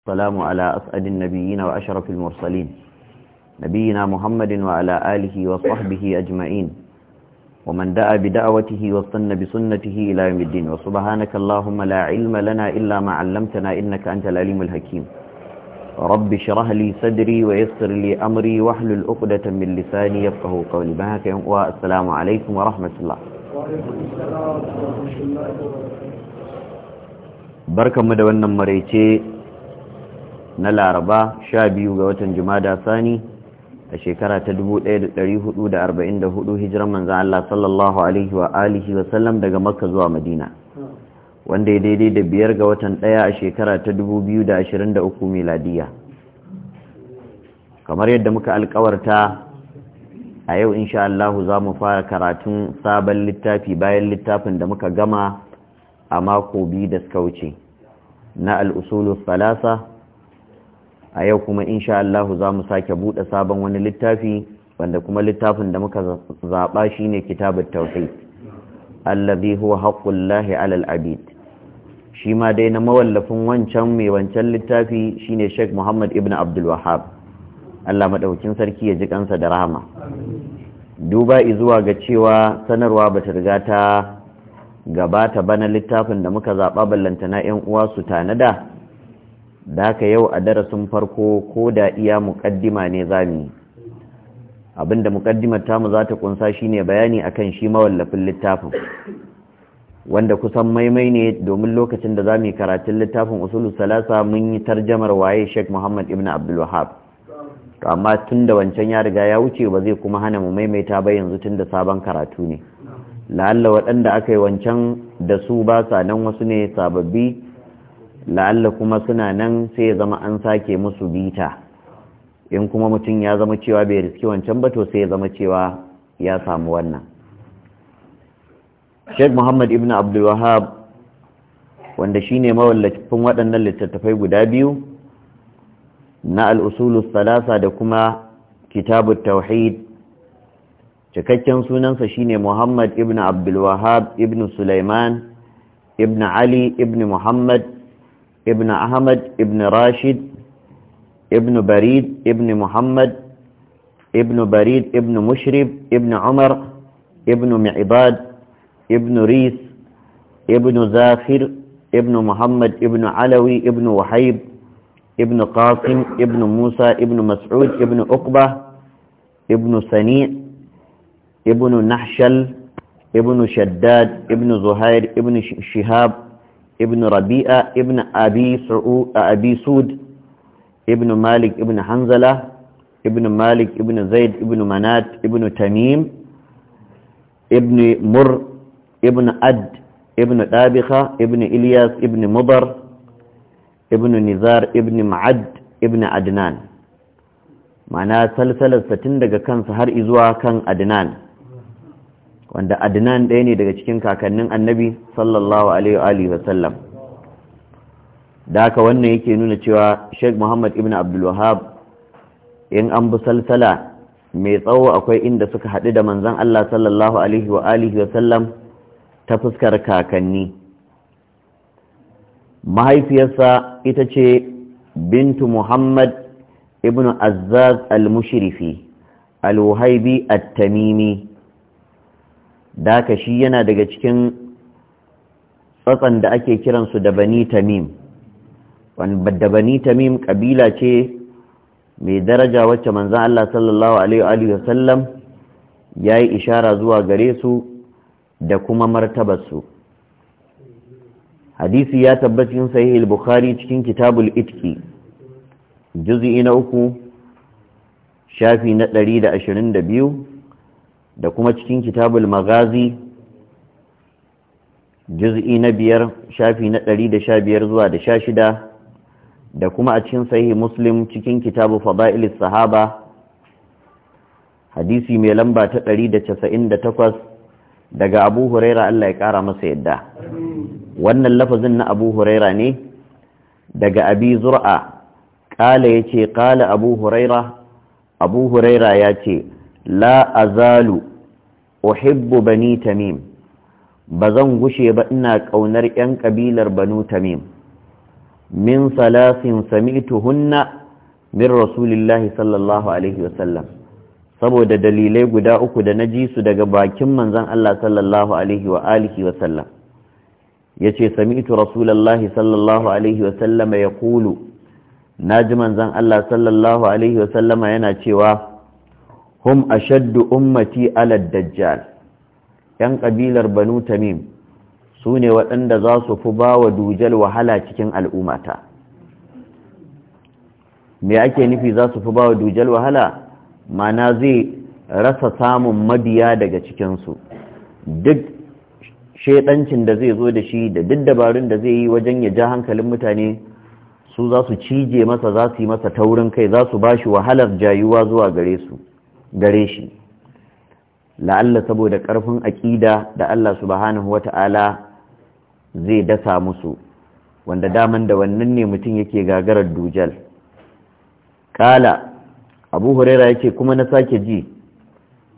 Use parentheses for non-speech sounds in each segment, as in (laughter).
السلام على أسعد النبيين وأشرف المرسلين نبينا محمد وعلى آله وصحبه أجمعين ومن دعا بدعوته واصطن بسنته إلى يوم الدين وسبحانك اللهم لا علم لنا إلا ما علمتنا إنك أنت العليم الحكيم رب شرح لي صدري ويسر لي أمري واحلل عقدة من لساني يفقه قولي بهاك والسلام عليكم ورحمة الله وعليكم السلام ورحمة الله وبركاته بركة مدى ونمريتي na laraba sha biyu ga watan jumada sani a shekara ta 1444 hijiran manzan Allah sallallahu alaihi wa alihi wa sallam daga makka zuwa madina wanda ya daidai da biyar ga watan ɗaya a shekara ta 2023 miladiya kamar yadda muka alkawarta a yau insha Allah za mu fara karatun sabon littafi bayan littafin da muka gama a mako biyu da suka wuce na al'usulun falasa a yau kuma insha Allah za mu sake buɗe sabon wani littafi wanda kuma littafin da muka zaɓa shi ne kitabun tauhid allazi huwa haqqullahi alal abid shi ma dai na mawallafin wancan mai wancan littafi shine Sheikh Muhammad ibn Abdul Wahhab Allah maɗaukin sarki ya ji kansa da rahama duba izuwa ga cewa sanarwa bata riga ta gabata ba na littafin da muka zaɓa ballantana 'yan uwa su tanada da haka yau a darasin farko ko da iya mukaddima ne zami abinda ta tamu za ta kunsa shine bayani akan shi mawallafin littafin wanda kusan maimai ne domin lokacin da yi karatun littafin usulu salasa mun yi tarjamar waye Sheikh Muhammad ibn Abdul Wahhab to amma tunda wancan ya riga ya wuce ba zai kuma hana mu maimaita ba yanzu tun da sabon karatu ne la'alla waɗanda aka yi wancan da su ba sa nan wasu ne sababbi la'alla kuma suna nan sai ya zama an sake musu bita in kuma mutum ya zama cewa bai riski wancan ba to sai ya zama cewa ya samu wannan sheikh muhammad ibn abdulwahab wanda shine mawallafin waɗannan littattafai guda biyu na al'usulus salasa da kuma kitabu tauhid cikakken sunansa shine muhammad ibn abdulwahab ibn sulaiman ibn ali ibn muhammad ابن أحمد ابن راشد ابن بريد ابن محمد ابن بريد ابن مشرب ابن عمر ابن معباد ابن ريس ابن زاخر ابن محمد ابن علوي ابن وحيب ابن قاسم ابن موسى ابن مسعود ابن أقبة ابن سنيع ابن نحشل ابن شداد ابن زهير ابن شهاب ibn rabi'a ibn abi su'ud uh, ibn malik ibn hanzala ibn malik ibn zaid ibn manat ibn tamim ibn mur ibn ad ibn dabiha ibn ilyas ibn Mubar ibn nizar ibn ma'ad ibn adnan ma'ana salsalarsa tun daga kansa har izuwa kan adnan wanda adnan ɗaya ne daga cikin kakannin annabi sallallahu alaihi wa sallam da haka wannan yake nuna cewa sheikh muhammad ibn abdul in an bi salsala mai tsawo akwai inda suka haɗu da manzan allah sallallahu alaihi wa sallam ta fuskar kakanni mahaifiyarsa ita ce bintu muhammad ibn Azaz al-mushrifi al-wahibi at-tamimi da shi yana daga cikin tsatsan da ake kiransu da bani tamim da bani tamim kabila ce mai daraja wacce manzan Allah sallallahu alaihi wasallam ya yi ishara zuwa gare su da kuma martabarsu hadisi ya tabbacin sahih bukhari cikin kitabul itki juz'i na uku shafi na ɗari da da biyu. da kuma cikin kitabul magazi juz'i na biyar shafi na ɗari da sha biyar zuwa da sha shida da kuma a cikin sahihi muslim cikin kitabu fada'ilis sahaba hadisi mai lamba ta ɗari da casa'in da takwas daga abu huraira Allah ya ƙara masa yadda wannan lafazin na abu huraira ne daga abi zur'a ƙala ya ce ƙala abu huraira abu huraira ya ce la azalu uhibbu bani tamim ba zan gushe ba ina ƙaunar 'yan ƙabilar banu tamim min salasin sami'tuhunna min rasulillahi sallallahu alaihi wasallam saboda dalilai guda uku da na ji su daga bakin manzon Allah sallallahu alaihi wa alihi wasallam yace sami'tu rasulullahi sallallahu alaihi wasallama yaqulu naji manzan Allah sallallahu alaihi wasallama yana cewa hum ashaddu ummati ala dajjal yan kabilar banu tamim su ne waɗanda za su fi ba wa dujal wahala cikin al'umata me ake nufi za su fi ba wa dujal wahala mana zai rasa samun mabiya daga cikinsu duk shaidancin da zai zo da shi da duk dabarun da zai yi wajen ya ja hankalin mutane su za su cije masa za su yi masa taurin kai za su ba shi wahalar jayuwa zuwa gare su gare shi la'alla saboda ƙarfin aƙida da Allah subhanahu wata'ala zai dasa musu wanda daman da wannan ne mutum yake gagarar dujal kala abu huraira yake kuma na sake ji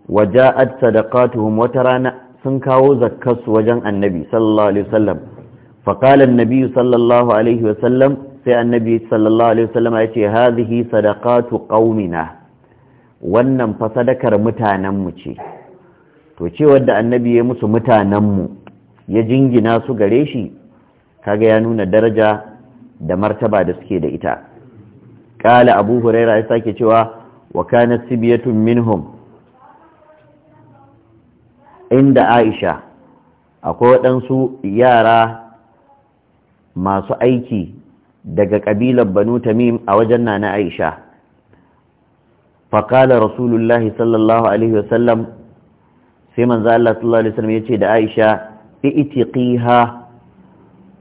waja'at sadaqatuhum wata rana sun kawo zakkarsu wajen annabi sallallahu alaihi wasallam faqala annabi sallallahu alaihi wasallam sai annabi sallallahu alaihi wasallam ya ce hadhihi sadaqatu qaumina wannan fa sadakar mutanenmu ce to ce da annabi ya musu mutanenmu ya jingina su gare shi kaga ya nuna daraja da martaba da suke da ita kala abu huraira ya sake cewa wa kana sibiyatun minhum inda aisha akwai waɗansu yara masu aiki daga ƙabilar banu tamim a wajen Nana aisha faƙala rasulullahi sallallahu alaihi wasallam sai manzo Allah sallallahu alaihi wasallam yace da Aisha itiqiha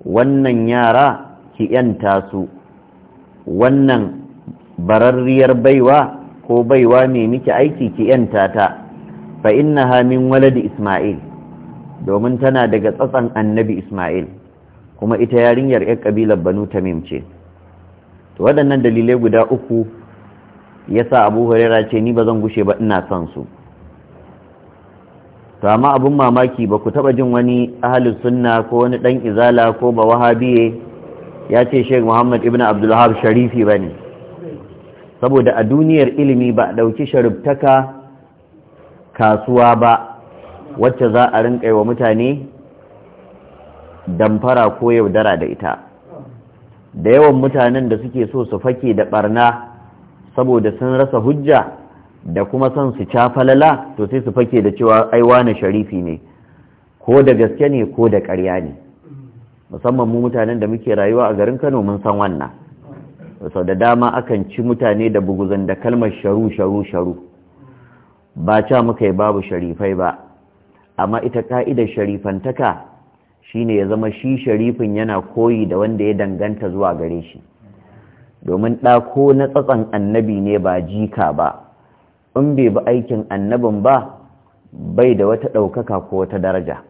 wannan yara ki yanta su wannan bararriyar baiwa ko baiwa ne miki aiki ki yanta ta fa innaha min waladi Isma'il domin tana daga tsatsan annabi Ismail kuma ita yarinyar 'yan ƙabilar Banu Tamim ce. To waɗannan dalilai guda uku Ya sa abu hurera ce ni ba zan gushe ba ina son su to amma abun mamaki ba ku taba jin wani ahlus sunna ko wani dan izala ko ba wahabiye ya ce sheikh muhammad Ibn abdul sharifi ba ne. saboda a duniyar ilimi ba a ɗauki sharubtaka kasuwa ba wacce za a rinka wa mutane damfara ko yaudara da ita da yawan mutanen da suke so su fake da ɓarna. saboda sun rasa hujja da kuma son su falala to sai su fake da cewa ai wani sharifi ne ko da gaske ne ko da ƙarya ne musamman mu mutanen da muke rayuwa a garin Kano mun san wannan sau da dama akan ci mutane da buguzan da kalmar sharu sharu sharu ba ca muka yi babu sharifai ba amma ita ka'idar sharifantaka shine ya zama shi sharifin yana koyi da wanda ya danganta zuwa gare shi domin ɗako, na tsatson annabi ne ba jika ba in bai bi aikin annabin ba bai da wata ɗaukaka ko wata daraja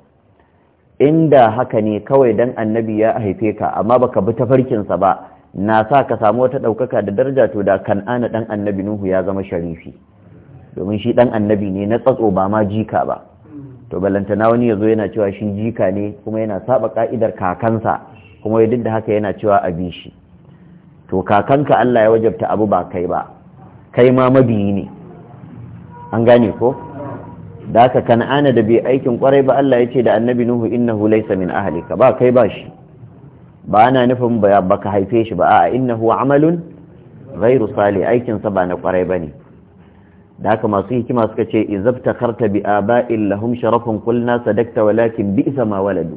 inda haka ne kawai dan annabi ya haife ka amma baka bi ta farkinsa ba na sa ka samu wata ɗaukaka da daraja to da kan'ana ɗan annabi nuhu ya zama sharifi domin shi ɗan annabi ne na tsatso ba ma jika ba to balantana wani ya zo yana cewa shi jika ne kuma yana saba ka'idar kakansa kuma ya duk da haka yana cewa a bi shi to kakanka Allah ya wajabta abu ba kai ba kai ma mabiyi ne an gane ko da haka kan'ana da bai aikin kwarai ba Allah ya ce da annabi nuhu innahu laysa min ka ba kai ba shi ba ana nufin ba ka haife shi ba a'a innahu amalun ghairu salih aikin sa ba na kwarai bane da ka masu hikima suka ce karta bi aba'il lahum sharafun Kulna, sadakta walakin bi'sa ma waladu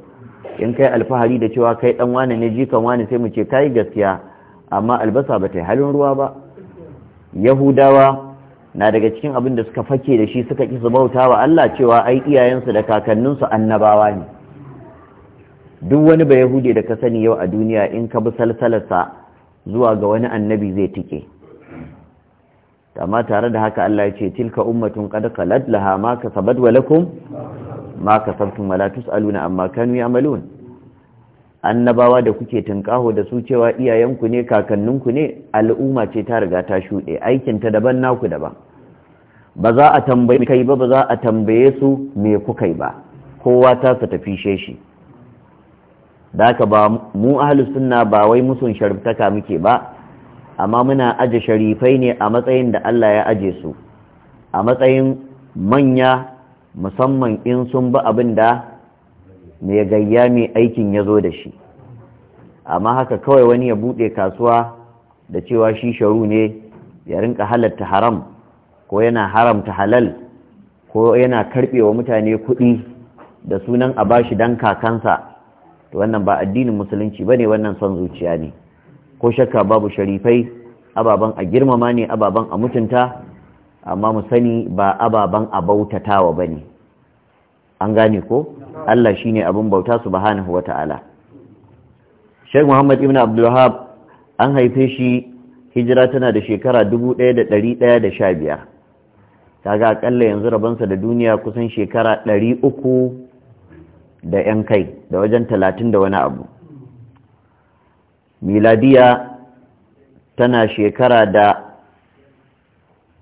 in kai alfahari da cewa kai dan wane ne jikan wane sai mu ce kai gaskiya amma albasa ba ta yi halin ruwa ba yahudawa na daga cikin abin da suka fake da shi suka ƙi su bauta wa Allah cewa ai iyayensu da kakanninsu annabawa ne duk wani ba yahude da ka sani yau a duniya in ka bi salsalarsa zuwa ga wani annabi zai tike amma tare da haka Allah ya ce tilka ummatun qad khalat laha ma kasabat wa lakum ma kasabtum wa la tusaluna amma kanu ya'malun annabawa da kuke tunkaho da su cewa iyayenku ne kakanninku ne al'umma ce ta riga ta shuɗe aikinta daban naku daban ba za a tambaye kai ba ba za a tambaye su me kuka ba kowa ta su tafi shi da haka ba mu ahlus sunna ba wai musun sharftaka muke ba amma muna aje sharifai ne a matsayin da Allah ya aje su a matsayin manya musamman in sun bi abin da mai gayya mai aikin ya zo da shi amma haka kawai wani ya buɗe kasuwa da cewa shi sharu ne ya rinka halatta haram ko yana haramta halal ko yana wa mutane kuɗi da sunan a bashi dan kakansa wannan ba addinin musulunci ba ne wannan son zuciya ne ko shakka babu sharifai ababen a girmama ne ababen a mutunta amma mu sani ba ababen a bautatawa ba ne an gane ko Allah shine abin bauta subhanahu wata'ala Sheikh Muhammad ibn Abdul Wahhab an haife shi hijira tana da shekara ɗaya ɗaya da da ɗari sha 1115 kaga akalla yanzu rabansa da duniya kusan shekara 300 da yan kai da wajen talatin da wani abu miladiya tana shekara da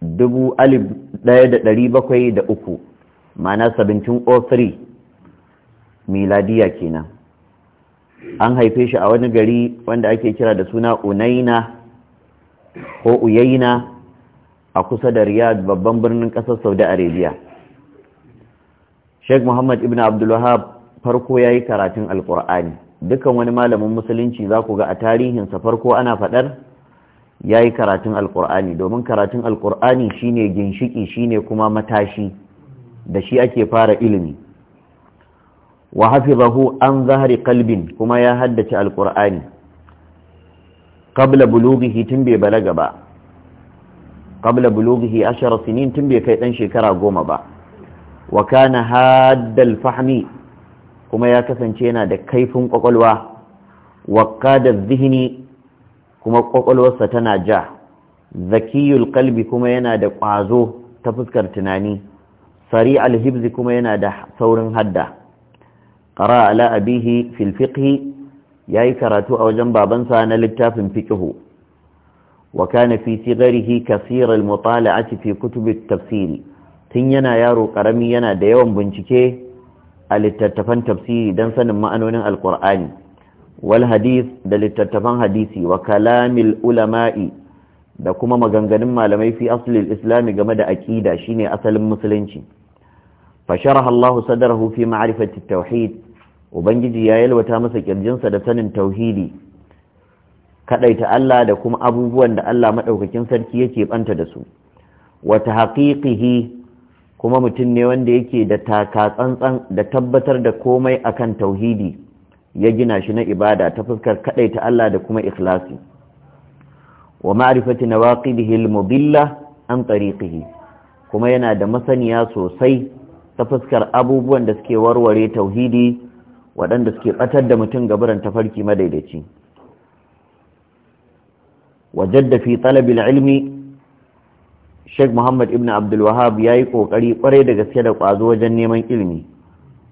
da ɗari bakwai uku. ma'ana 1703 miladiya kenan an haife shi a wani gari wanda ake kira da suna unaina ko uyaina a kusa da riyad babban birnin kasar saudi arabia sheikh muhammad ibn abdullahab farko ya yi karatun alkur'ani Dukkan wani malamin musulunci za ku ga a tarihinsa farko ana faɗar ya yi karatun alkur'ani domin karatun alkur'ani shine ginshiki shine kuma matashi da shi ake fara ilimi wa hafizahu an zahari kalbin kuma ya haddace alkur'ani qabla bulughihi tun bai balaga ba qabla bulughihi ashara sinin tun bai kai dan shekara goma ba wa kana haddal fahmi kuma ya kasance yana da kaifin kwakwalwa wa qada dhihni kuma kwakwalwarsa tana ja zakiyul qalbi kuma yana da kwazo ta fuskar tunani sari alhibzi kuma yana da saurin hadda ƙara ala abihi fil fiqhi ya yi karatu a wajen babansa na littafin fiqhu wa kana fi sigarihi kasir al-mutala'ati fi kutub tafsiri tun yana yaro karami yana da yawan bincike a littattafan tafsiri don sanin ma'anonin alkur'ani wal hadis da littattafan hadisi wa kalamil ulama'i da kuma maganganun malamai fi asalin islami game da aƙida shine asalin musulunci fasharaha Allah sadarahu fi ma'rifati tauhid ubangiji ya yalwata masa kirjinsa da sanin tauhidi kadaita Allah da kuma abubuwan da Allah madaukakin sarki yake banta da su Wata tahqiqihi kuma mutum ne wanda yake da taka tsantsan da tabbatar da komai akan tauhidi ya gina shi na ibada ta fuskar kadaita Allah da kuma ikhlasi wa ma'rifati nawaqidihi al-mudilla an tariqihi kuma yana da masaniya sosai ta fuskar abubuwan da suke warware tauhidi waɗanda suke ɓatar da mutum gaburan tafarki madaidaici Wajen fi talabin ilmi Sheikh Muhammad ibn Abdulwahab ya yi ƙoƙari kwarai da gaske da ƙwazo wajen neman ilmi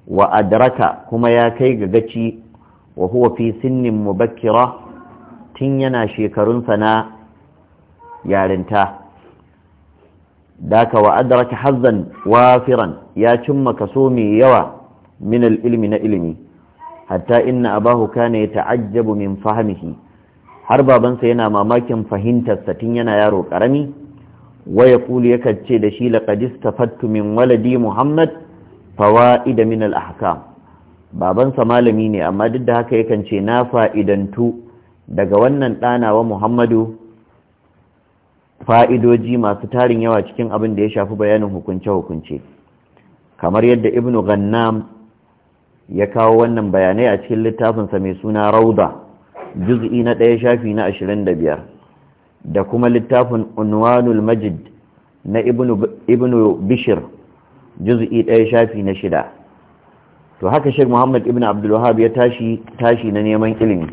wa adraka kuma ya kai ga gaci wa huwa fi sinnin mubakkira tun yana shekarunsa na yarinta daka wa adraka hazzan wafiran ya cimma kaso mai yawa minal ilmi na ilimi hatta inna abahu kana yata'ajjabu min fahmihi har babansa yana mamakin fahimtar sa yana yaro karami Waya yaqulu yakan ce da shi laqad fattumin waladi muhammad fawaid min al-ahkam babansa malami ne amma duk da haka yakan ce na fa'idantu daga wannan ɗanawa muhammadu fa'idoji masu tarin yawa cikin abin da ya shafi bayanin hukunce-hukunce kamar yadda ibn gannam ya kawo wannan bayanai a cikin littafinsa mai suna rauda juz'i na ɗaya shafi na ashirin da biyar, da kuma littafin unwanul majid na ibn bishir juz'i ɗaya shafi na shida to haka shek muhammad ibn abdullahab ya tashi tashi na neman ilimi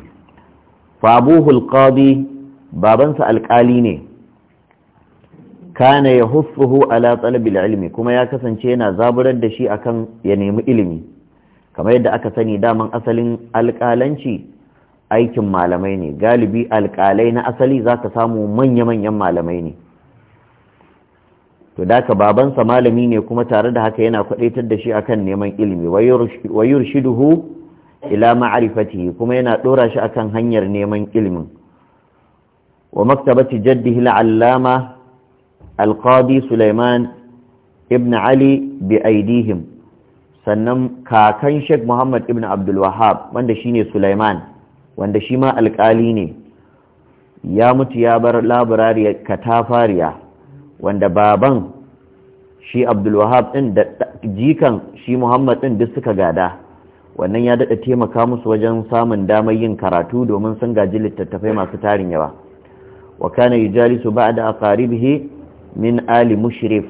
fa abuhul qadi babansa alƙali ne kana ya hussuhu ala talabil ilmi kuma ya kasance yana zaburar da shi akan ya nemi ilimi kamar yadda aka sani daman asalin alƙalanci aikin malamai ne galibi alƙalai na asali zaka samu manya-manyan malamai ne to da ka babansa malami ne kuma tare da haka yana kwadaitar da shi akan neman ilimi wa yurshiduhu ila ma'rifatihi kuma yana dora shi akan hanyar neman ilimin wa maktabati jaddihi al'allama alqadi Sulaiman ibn Ali bi aidihim sannan kakan Sheikh Muhammad ibn Abdulwahab Wahhab wanda shine Sulaiman wanda shi ma alƙali ne ya mutu ya bar labarari katafariya wanda baban shi Abdulwahab din da jikan shi Muhammad din duk suka gada wannan ya daɗa taimaka musu wajen samun damar yin karatu domin sun gaji littattafai masu tarin yawa wa kana da ba'da aqaribihi min ali mushrif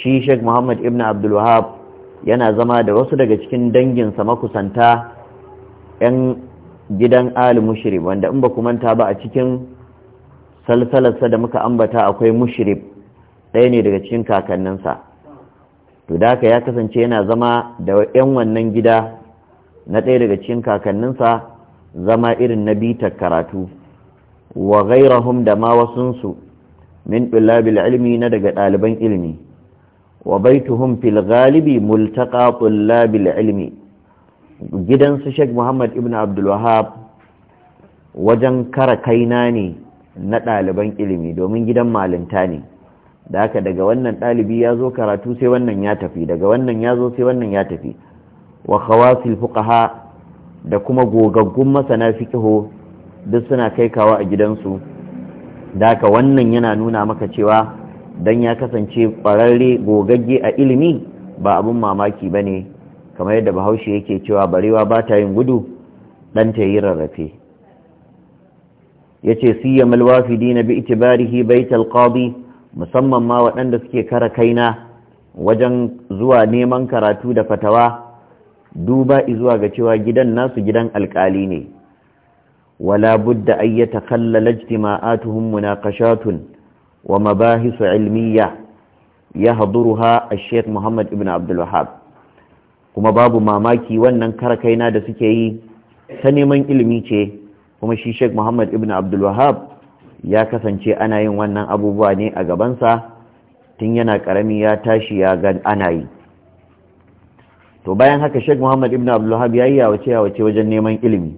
shi sheikh muhammad ibn Abdulwahab, yana zama da wasu daga cikin danginsa makusanta 'yan gidan ali mushrif wanda in ba ku manta ba a cikin salsalarsa da muka ambata akwai mushrif ɗaya ne daga cikin kakanninsa to da ya kasance yana zama da 'yan wannan gida na ɗaya daga cikin kakanninsa zama irin na bitar karatu wa gairahum da ma wasunsu min ɗulabil ilmi na daga ɗaliban ilmi wa baituhum fil galibi multaqa ɗulabil ilmi gidansu sheikh muhammad ibn abdulwahab wajen kara kaina ne na ɗaliban ilimi domin gidan malinta ne da haka daga wannan ɗalibi ya zo karatu sai wannan ya tafi daga wannan ya zo sai wannan ya tafi wa khawasil fuqaha da kuma gogaggun masana fiqhu duk suna kai kawa a gidansu Daka wannan yana nuna maka cewa dan ya kasance ƙwararre gogagge a ilimi ba abin mamaki ba ne kamar yadda bahaushe yake cewa barewa ba ta yin gudu ɗan ta yi rarrafe ya ce siya malwafi na bi itibarihi baital qadi musamman ma waɗanda suke kara kaina wajen zuwa neman karatu da fatawa duba izuwa ga cewa gidan nasu gidan alkali ne ولا بد أن يتخلل اجتماعاتهم مناقشات ومباحث علمية يهضرها الشيخ محمد ابن عبد الوهاب kuma babu mamaki wannan karakaina da suke yi ta neman ilimi ce kuma shi Sheikh Muhammad ibn Abdulwahab ya kasance ana yin wannan abubuwa ne a gabansa tun yana karami ya tashi ya gan ana yi to bayan haka Sheikh Muhammad ibn Abdulwahab ya yi yawace yawace wajen neman ilimi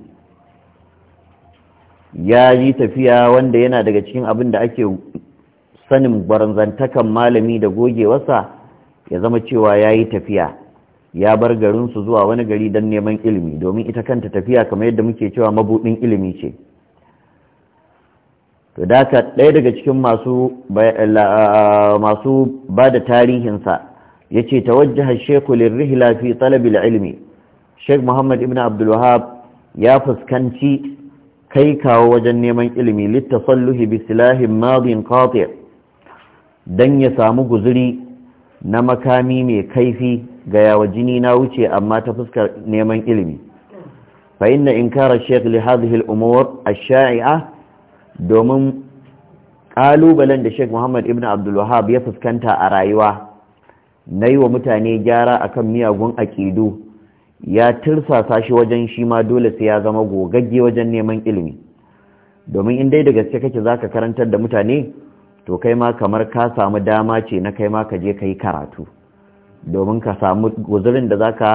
ya yi tafiya wanda yana daga cikin abin da ake sanin gwarzantakan malami da gogewarsa ya zama cewa ya yi tafiya ya bar garinsu zuwa wani gari don neman ilimi domin ita kanta tafiya kamar yadda muke cewa mabuɗin ilimi ce to daga ɗaya daga cikin masu ba da tarihinsa ya ce tawajjaha shekhu lirrihla fi talabil ilimi. sheikh muhammad ibn abdul ya fuskanci kai kawo wajen neman ilimi littasalluhi bi silahin madin qati' dan ya samu guzuri na makami mai kaifi ga yawa jini na wuce amma ta fuskar neman ilimi fa inna inkara shaykh li hadhihi al-umur ash-sha'i'a domin kalubalen da shek Muhammad Ibn Abdul Wahhab ya fuskanta a rayuwa nayi wa mutane gyara akan miyagun aƙidu ya tirsasa shi wajen shi ma dole sai ya zama gogagge wajen neman ilimi domin in dai da gaske kake zaka karantar da mutane to kai ma kamar ka samu dama ce na kai ma ka je kai karatu domin ka samu guzurin da zaka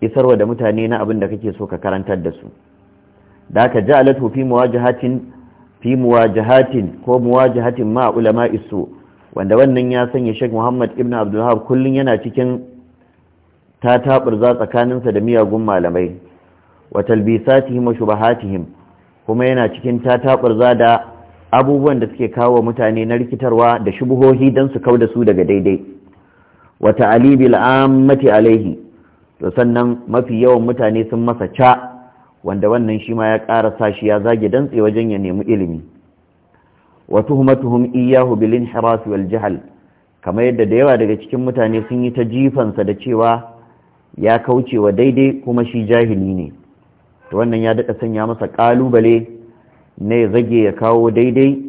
isarwa da mutane na abin da kake so ka karantar da su da ja alatu fi muwajahatin fi muwajahatin ko muwajahatin ma ulama isu wanda wannan ya sanya Sheikh Muhammad Ibn Abdul Wahab kullun yana cikin ta tsakanin tsakaninsa da miyagun malamai wa talbisatihim wa shubahatihim kuma yana cikin ta taɓurza da abubuwan da suke kawo mutane na rikitarwa da shubuhohi don su kau da su daga daidai wa ta'alibil ammati alaihi to sannan mafi yawan mutane sun masa ca wanda wannan shi ma ya ƙara sa shi ya zage dantse wajen ya nemi ilimi wa tuhmatuhum iyyahu bil inhiras wal jahl kamar yadda da yawa daga cikin mutane sun yi ta jifansa da cewa ya kauce wa daidai kuma shi jahili ne to wannan ya daɗa sanya masa ƙalubale ne ya zage ya kawo daidai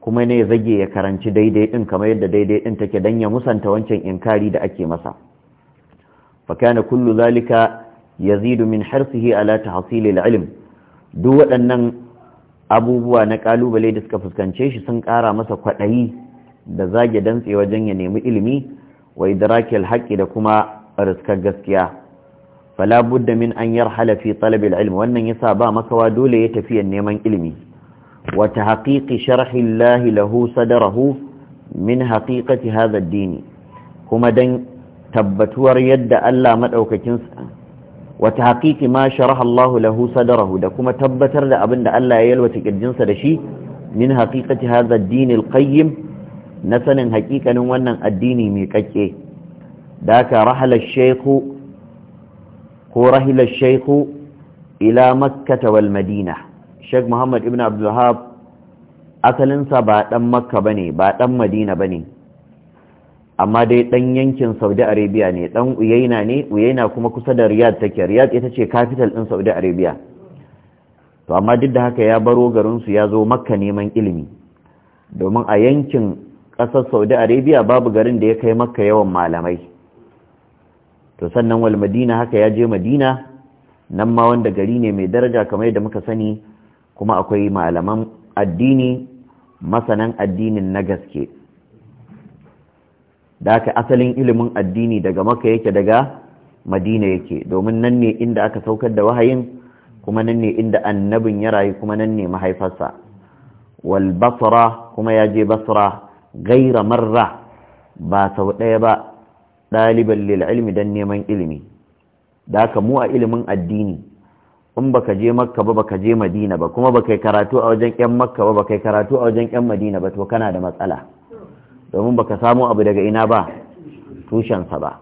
kuma ne ya zage ya karanci daidai ɗin kamar yadda daidai ɗin take don ya musanta wancan inkari da ake masa fakana kullu zalika yazidu min harsihi ala tahsilil ilm duk waɗannan abubuwa na ƙalubale da suka fuskance shi sun ƙara masa kwaɗayi da zage dantse wajen ya nemi ilimi wa idrakil haƙƙi da kuma riskar gaskiya fala budda min an yarhala fi talab al wannan yasa ba makawa dole ya tafi neman ilimi wa tahqiqi sharhi Allah lahu sadrahu min haqiqati hadha ad-din kuma dan tabbatuwar yadda Allah madaukakin wa tahqiqi ma sharaha Allah lahu sadrahu da kuma tabbatar da abinda Allah ya yalwata kirjinsa da shi min haqiqati hadha ad-din al-qayyim na sanin haƙiƙanin wannan addini mai kakke daka رحل الشيخ هو ila الشيخ إلى مكة والمدينة الشيخ محمد asalinsa ba ɗan makka ba ne ba ɗan madina ba ne amma dai ɗan yankin saudi arabia ne ɗan uyaina ne uyaina kuma kusa da riyad take riyad ita ce capital ɗin saudi arabia to amma duk da haka ya baro garinsu ya zo makka neman ilimi domin a yankin ƙasar saudi arabia babu garin da ya kai makka yawan malamai to sannan wal madina haka ya je madina nan ma wanda gari ne mai daraja kamar yadda muka sani kuma akwai malaman addini masanan addinin na gaske da aka asalin ilimin addini daga maka yake daga madina yake domin nan ne inda aka saukar da wahayin kuma nan ne inda annabin ya rayu kuma nan ne mahaifarsa wal basra kuma ya je basra gaira marra ba sau ɗaya ba ɗaliban lil'ilmi don neman ilimi da aka mu a ilimin addini in baka je makka ba baka je madina ba kuma baka karatu a wajen yan makka ba baka karatu a wajen yan madina ba to kana da matsala domin baka samu abu daga ina ba tushensa ba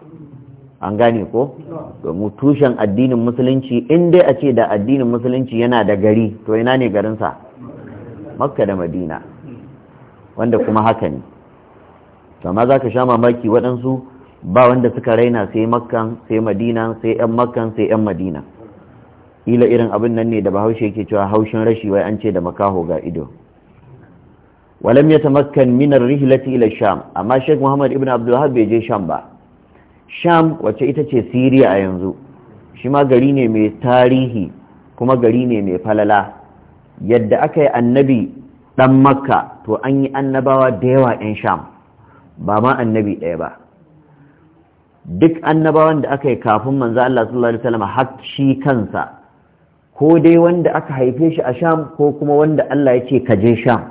an gane ko domin tushen addinin musulunci in dai a ce da addinin musulunci yana da gari to ina ne garinsa makka da madina wanda kuma haka ne to ma za ka sha mamaki waɗansu ba wanda suka raina sai makkan sai madina sai yan makkan sai yan madina ila irin abin nan ne da bahaushe yake cewa haushin rashi wai an ce da makaho ga ido walam ya tamakkan minar rihlati ila sham amma sheikh muhammad ibn abdulwahab bai je sham ba sham wace ita ce siriya a yanzu shi ma gari ne mai tarihi kuma gari ne mai falala yadda aka yi annabi dan makka to an yi annabawa da yawa 'yan sham ba ma annabi ɗaya ba duk annabawan da aka yi kafin manzo Allah sallallahu alaihi wasallam har shi kansa ko dai wanda aka haife shi a Sham ko kuma wanda Allah ya ce ka je Sham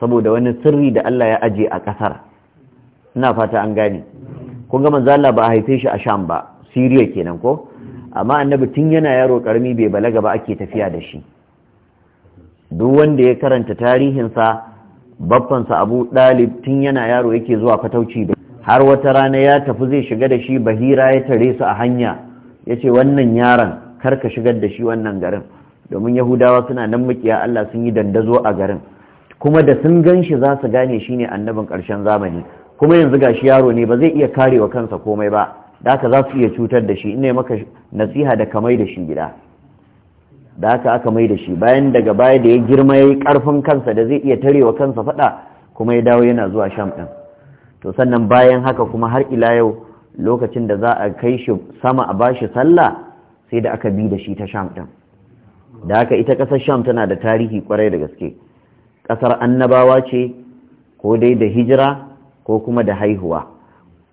saboda wani sirri da Allah ya aje a kasar ina fata an gane kun ga manzo Allah ba a haife shi a Sham ba Syria kenan ko amma annabi tun yana yaro karami bai balaga ba ake tafiya da shi duk wanda ya karanta tarihinsa sa Abu Dalib tun yana yaro yake zuwa fatauci da har wata rana ya tafi zai shiga da shi bahira ya tare su a hanya ya ce wannan yaron kar ka shigar da shi wannan garin domin yahudawa suna nan mukiya Allah sun yi dandazo a garin kuma da sun gan shi za su gane shi ne annabin karshen zamani kuma yanzu ga shi yaro ne ba zai iya karewa kansa komai ba da haka za su iya cutar da shi ina maka nasiha da ka mai da shi gida da haka aka mai da shi bayan daga baya da ya girma ya yi karfin kansa da zai iya tarewa kansa faɗa kuma ya dawo yana zuwa sham ɗin to sannan bayan haka kuma har ila yau lokacin da za a kai shi sama a bashi sallah sai da aka bi da shi ta sham din da haka ita ƙasar sham tana da tarihi kwarai da gaske ƙasar annabawa ce ko dai da hijira ko kuma da haihuwa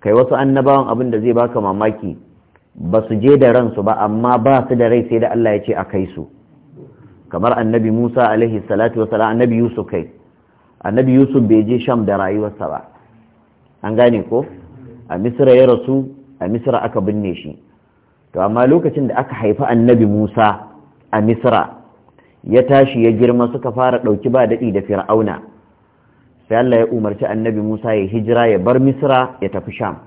kai wasu annabawan abin da zai baka mamaki ba su je da ransu ba amma ba su da rai sai da Allah ya ce a kai su kamar annabi Musa alaihi salatu wasalam annabi Yusuf kai annabi Yusuf bai je Sham da rayuwarsa ba an gane ko a Misira ya rasu a Misira aka binne shi to amma lokacin da aka haifi annabi musa a Misira ya tashi ya girma suka fara ɗauki ba daɗi da fir'auna sai Allah ya umarci annabi musa ya hijira ya bar Misira ya tafi sham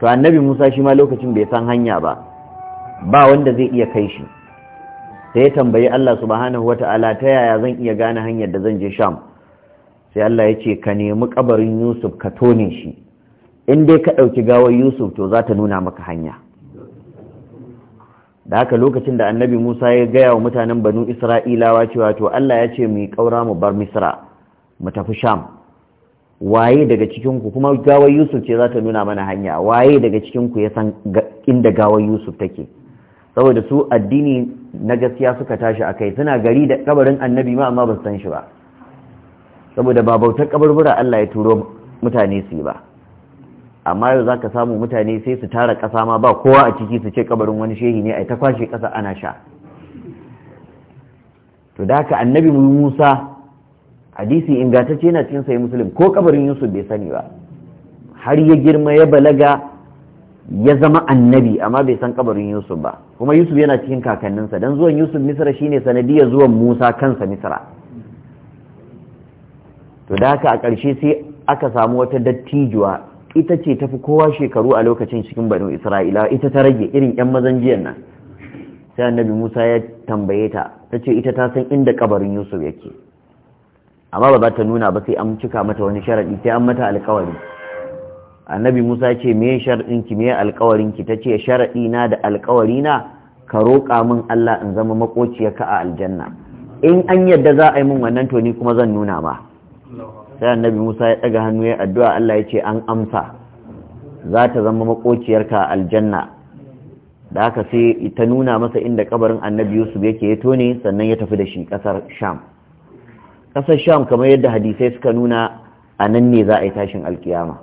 to annabi musa shi ma lokacin bai san hanya ba ba wanda zai iya kai shi sai ya tambayi Allah subhanahu ta'ala ta yaya zan iya gane hanyar da zan je sham sai Allah ya ce ka nemi kabarin Yusuf ka tone shi in dai ka ɗauki gawar Yusuf to za ta nuna maka hanya da haka lokacin da annabi Musa ya gaya wa mutanen banu Isra'ilawa cewa to Allah ya ce mu ƙaura mu bar Misra mu tafi Sham waye daga cikin ku kuma gawar Yusuf ce za ta nuna mana hanya waye daga cikin ku ya san inda gawar Yusuf take saboda su addini na gaskiya suka tashi a kai suna gari da kabarin annabi ma amma ba su san shi ba saboda ba bautar kaburbura Allah ya turo mutane su yi ba amma yau za ka samu mutane sai su tara ƙasa ma ba kowa a ciki su ce kabarin wani shehi ne a ta kwashe ƙasa ana sha to da haka annabi musa hadisi ingantacce yana cikin sai musulun ko kabarin yusuf bai sani ba har ya girma ya balaga ya zama annabi amma bai san kabarin yusuf ba kuma yusuf yana cikin kakanninsa don zuwan yusuf misra shine sanadiyar zuwan musa kansa Misira. to da haka a ƙarshe sai aka samu wata dattijuwa ita ce tafi kowa shekaru a lokacin cikin banu isra'ila ita ta rage irin yan mazan jiyan nan sai annabi musa ya tambaye ta ta ce ita ta san inda kabarin yusuf yake amma ba za ta nuna ba sai an cika mata wani sharaɗi sai an mata alkawari annabi musa ce me ki me ki? ta ce sharaɗi na da alkawari na ka roƙa min allah in zama makociyarka a aljanna in an yadda za a yi min wannan to ni kuma zan nuna ba. sai annabi musa ya ɗaga hannu ya addu'a allah ya ce an amsa za ta zama makociyarka aljanna da aka sai ta nuna masa inda kabarin annabi yusuf yake ya tone sannan ya tafi da shi kasar sham ƙasar sham kamar yadda hadisai suka nuna a nan ne za a yi tashin alkiyama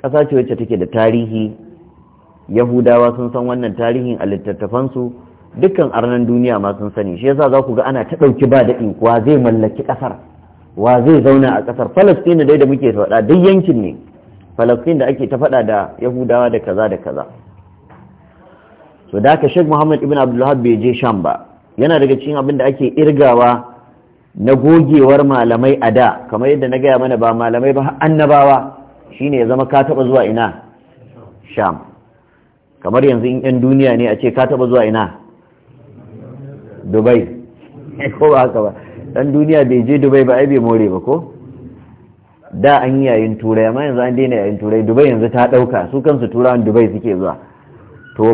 kasa ce wacce take da tarihi yahudawa sun san wannan tarihin a littattafansu dukkan arnan duniya ma sun sani shi yasa za ku ga ana ta ɗauki ba daɗi kuwa zai mallaki ƙasar wa zai zauna a kasar falastin dai da muke faɗa duk yankin ne falastin da ake ta faɗa da yahudawa da kaza da kaza so da ka sheikh muhammad ibn abdullahab bai je sham ba yana daga cikin abin da ake irgawa na gogewar malamai a da kamar yadda na gaya mana ba malamai ba annabawa shine ya zama ka taɓa zuwa ina sham kamar yanzu in yan duniya ne a ce ka taɓa zuwa ina dubai (laughs) ko ba haka ba dan duniya bai je dubai ba ai bai more ba ko da an yi yayin turai amma yanzu an daina yayin turai dubai yanzu ta dauka su kansu turawan dubai suke zuwa to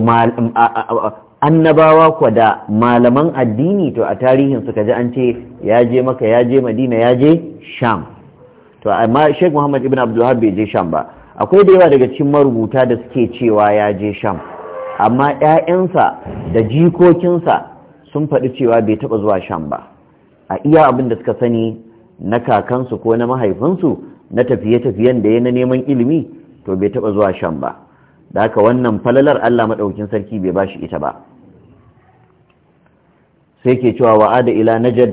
annabawa kwa da malaman addini to a tarihin suka ji an ce ya je maka ya je madina ya je sham to amma sheikh muhammad ibn abdullahab bai je sham ba akwai da yawa daga cikin marubuta da suke cewa ya je sham amma 'ya'yansa da jikokinsa sun faɗi cewa bai taɓa zuwa sham ba a iya abin da suka sani na kakansu ko na mahaifinsu na tafiye-tafiyen da ya na neman ilimi to bai taɓa zuwa shan ba da haka wannan falalar Allah maɗaukin sarki bai ba shi ita ba sai ke cewa wa'a da ila najad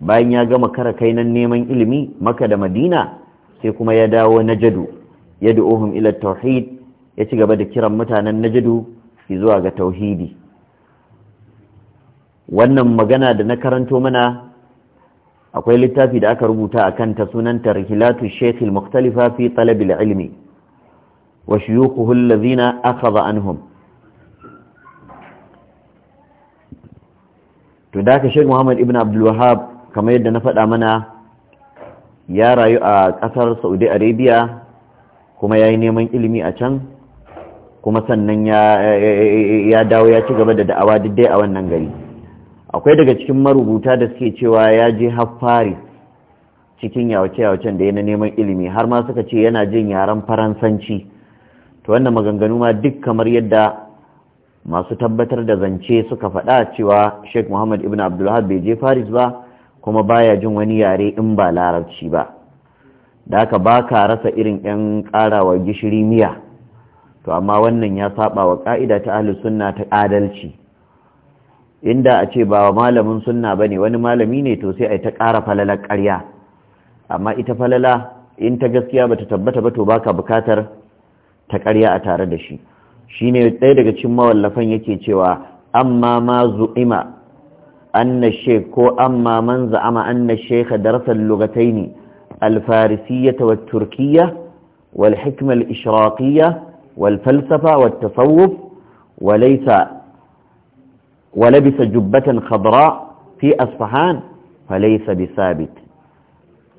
bayan ya gama kara kainan neman ilimi maka da madina sai kuma ya dawo najadu ya ohun ilar tauhid ya ci gaba da kiran mutanen najadu zuwa ga tauhidi wannan magana da na karanto mana akwai littafi da aka rubuta a kanta sunan rihilatu shekhi al-mukhtalifa fi talabil ilmi wa shuyukhuhu allazina akhadha anhum to da aka shek Muhammad ibn Abdul kamar yadda na faɗa mana ya rayu a ƙasar Saudi Arabia kuma yayi neman ilimi a can kuma sannan ya ya dawo ya ci gaba da da'awa duk dai a wannan gari akwai daga cikin marubuta da suke cewa ya je har Paris cikin yawace-yawacen da ya na neman ilimi har ma suka ce yana jin yaren faransanci to wannan maganganu ma duk kamar yadda masu tabbatar da zance suka faɗa cewa sheikh muhammad ibn abdullahab bai je faris ba kuma baya jin wani yare in ba larabci ba da haka ba ka rasa irin 'yan karawa gishiri miya to amma wannan ya saba wa ƙa'ida ta ahlus sunna ta adalci inda a ce ba malamin sunna ba ne wani malami ne to sai a yi ta ƙara falalar ƙarya amma ita falala in ta gaskiya ba ta tabbata ba to baka bukatar ta ƙarya a tare da shi shi ne ɗaya daga cikin mawallafan yake cewa amma ma zu'ima anna sheikh ko amma man za'ama anna sheikh darsal lugataini al-farisiyyah wa turkiyyah wal hikma al-ishraqiyya wal falsafa wat tasawuf wa laysa ولبس جبة خضراء في أصفهان فليس بثابت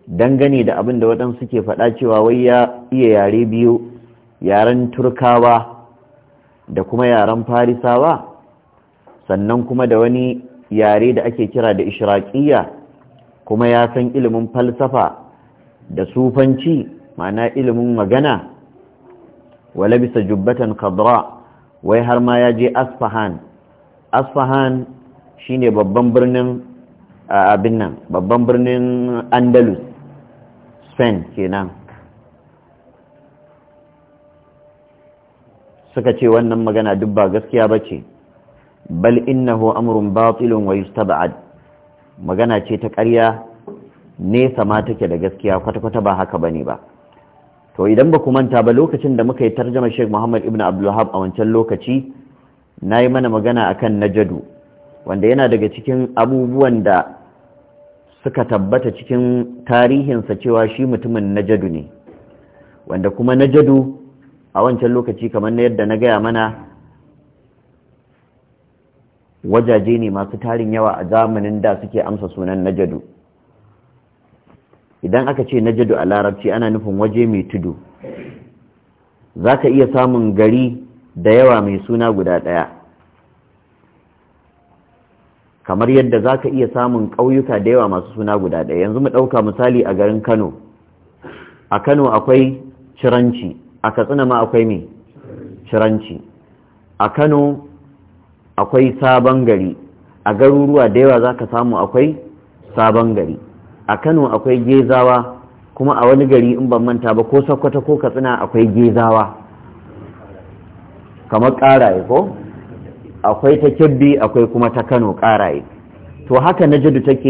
dangane da abin da waɗansu suke faɗa cewa wai ya iya yare biyu yaren turkawa da kuma yaren farisawa sannan kuma da wani yare da ake kira da ishraƙiyya kuma ya san ilimin falsafa da sufanci ma'ana ilimin magana wala bisa jubbatan khadra wai har ma ya je asfahan asfahan shine babban birnin abin nan babban birnin andalus spain kenan suka ce wannan magana duk ba gaskiya ba ce bal innahu amrun batilun wa yustab'ad magana ce ta ƙarya nesa ma take da gaskiya kwata-kwata ba haka bane ba to idan ba ku manta ba lokacin da muka yi tarjama Sheikh Muhammad Ibn Abdul a wancan lokaci na yi mana magana a akan najadu wanda yana daga cikin abubuwan da suka tabbata cikin tarihinsa cewa shi mutumin najadu ne wanda kuma najadu a wancan lokaci kamar na yadda na gaya mana wajaje ne masu tarin yawa a zamanin da suke amsa sunan najadu idan aka ce najadu a larabci ana nufin waje mai tudu za ka iya samun gari da yawa mai suna guda ɗaya kamar yadda za ka iya samun ƙauyuka da yawa masu suna guda ɗaya yanzu mu ɗauka misali a garin kano a kano akwai ciranci a katsina ma akwai mai ciranci a kano akwai sabon gari a garuruwa da yawa za ka samu akwai sabon gari a kano akwai gezawa kuma a wani gari in ban manta ba ko sakwata ko katsina akwai gezawa kamar ƙaraye ko akwai ta kebbi akwai kuma ta kano ƙaraye to haka najadu take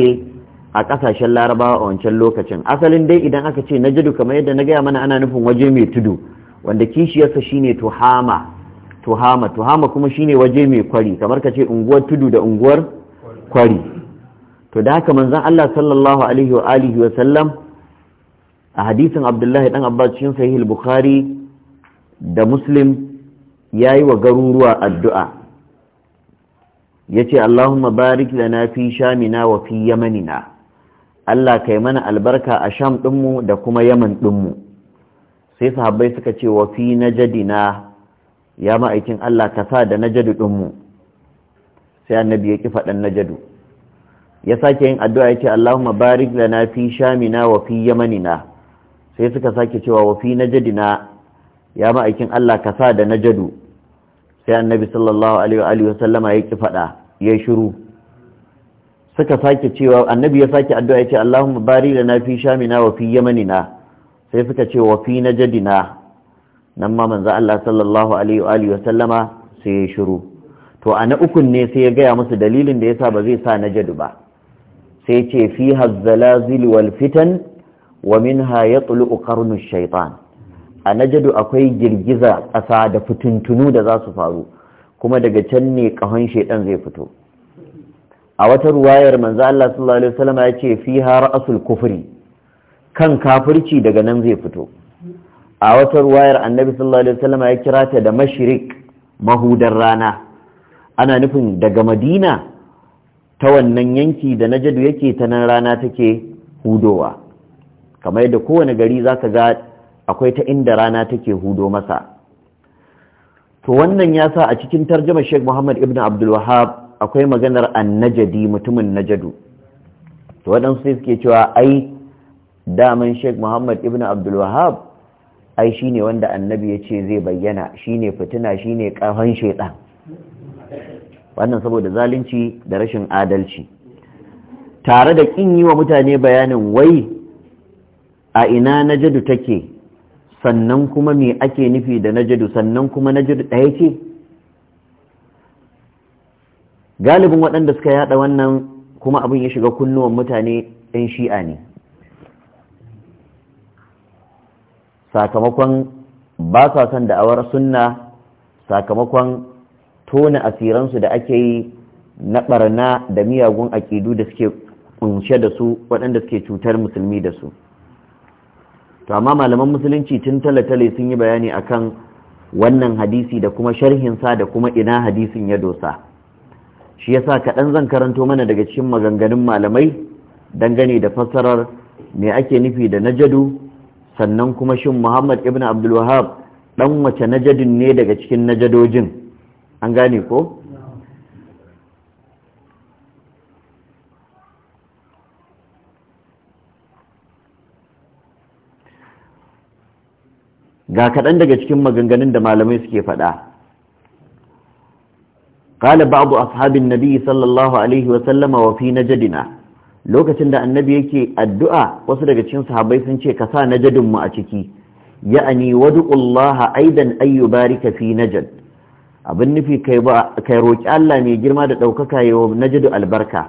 a ƙasashen larabawa a wancan lokacin asalin dai idan aka ce najadu kamar yadda na gaya mana ana nufin waje mai tudu wanda kishiyarsa shine tuhama tuhama tuhama kuma shine waje mai kwari kamar ka ce unguwar tudu da unguwar kwari to da haka manzon Allah sallallahu alaihi wa alihi wa sallam a hadisin Abdullahi dan Abbas cikin sahih bukhari da Muslim ya yi wa garuruwa addu'a ya ce Allahumma barik lana fi shamina wa fi yamanina Allah kai mana albarka a sham ɗinmu da kuma yaman ɗinmu sai sahabbai suka ce wa fi najadina ya ma'aikin Allah ka sa da najadu ɗinmu sai annabi ya ƙi faɗan najadu ya sake yin addu'a ya ce Allahumma barik lana fi shamina wa fi yamanina sai suka sake cewa wa fi najadina ya ma'aikin Allah ka sa da najadu sai annabi sallallahu alaihi wa sallama ya ki faɗa ya shiru suka sake cewa annabi ya sake addu'a ya ce Allahumma bari lana fi shamina wa fi yamanina sai suka ce wa fi najdina nan ma manzo Allah sallallahu alaihi wa sallama sai ya shiru to ana ukun ne sai ya gaya musu dalilin da yasa ba zai sa najadu ba sai ce fi hazzalazil wal fitan wa minha yatlu qarnu shaytan a najadu akwai girgiza ƙasa da fitintunu da za su faru kuma daga can ne ƙahon shaidan zai fito a wata ruwayar manzo Allah sallallahu alaihi wasallam ya ce fiha ra'sul kufri kan kafirci daga nan zai fito a wata ruwayar annabi sallallahu alaihi wasallam ya kira ta da mashrik mahudar rana ana nufin daga madina ta wannan yanki da najadu yake ta nan rana take hudowa kamar yadda kowane gari zaka ga akwai ta inda rana take hudo masa to wannan ya sa a cikin tarjama Sheikh Muhammad ibn Abdul wahab akwai maganar annajadi mutumin najadu to waɗansu sai suke cewa ai daman Sheikh Muhammad ibn Abdul wahab ai shine wanda annabi ya ce zai bayyana shine fitina shine kafan shaidan wannan saboda zalunci da rashin adalci tare da kin yi wa mutane bayanin wai a ina najadu take sannan kuma me ake nufi da najadu sannan kuma najadu ɗaya ce galibin waɗanda suka yada wannan kuma abin ya shiga kunnuwan mutane ɗan shi'a ne sakamakon ba sa son da'awar sunna sakamakon tona asiransu da ake yi na ɓarna da miyagun aƙidu da suke kunshe da su waɗanda suke cutar musulmi da su to amma malaman musulunci tun tale-tale sun yi bayani akan wannan hadisi da kuma sharhin sa da kuma ina hadisin ya dosa shi yasa kaɗan zan karanto mana daga cikin maganganun malamai dangane da fassarar me ake nufi da najadu sannan kuma shin muhammad ibn abdulwahab ɗan wace najadin ne daga cikin najadojin an gane ko ga kaɗan daga cikin maganganun da malamai suke faɗa قال بعض ashabin النبي صلى الله عليه وسلم وفي نجدنا lokacin da annabi yake addu'a wasu daga cikin sahabbai sun ce ka sa najadin mu a ciki ya'ani wadullaha aidan ayyu barika fi najad abin nufi kai ba Allah mai girma da daukaka yawa najadu albarka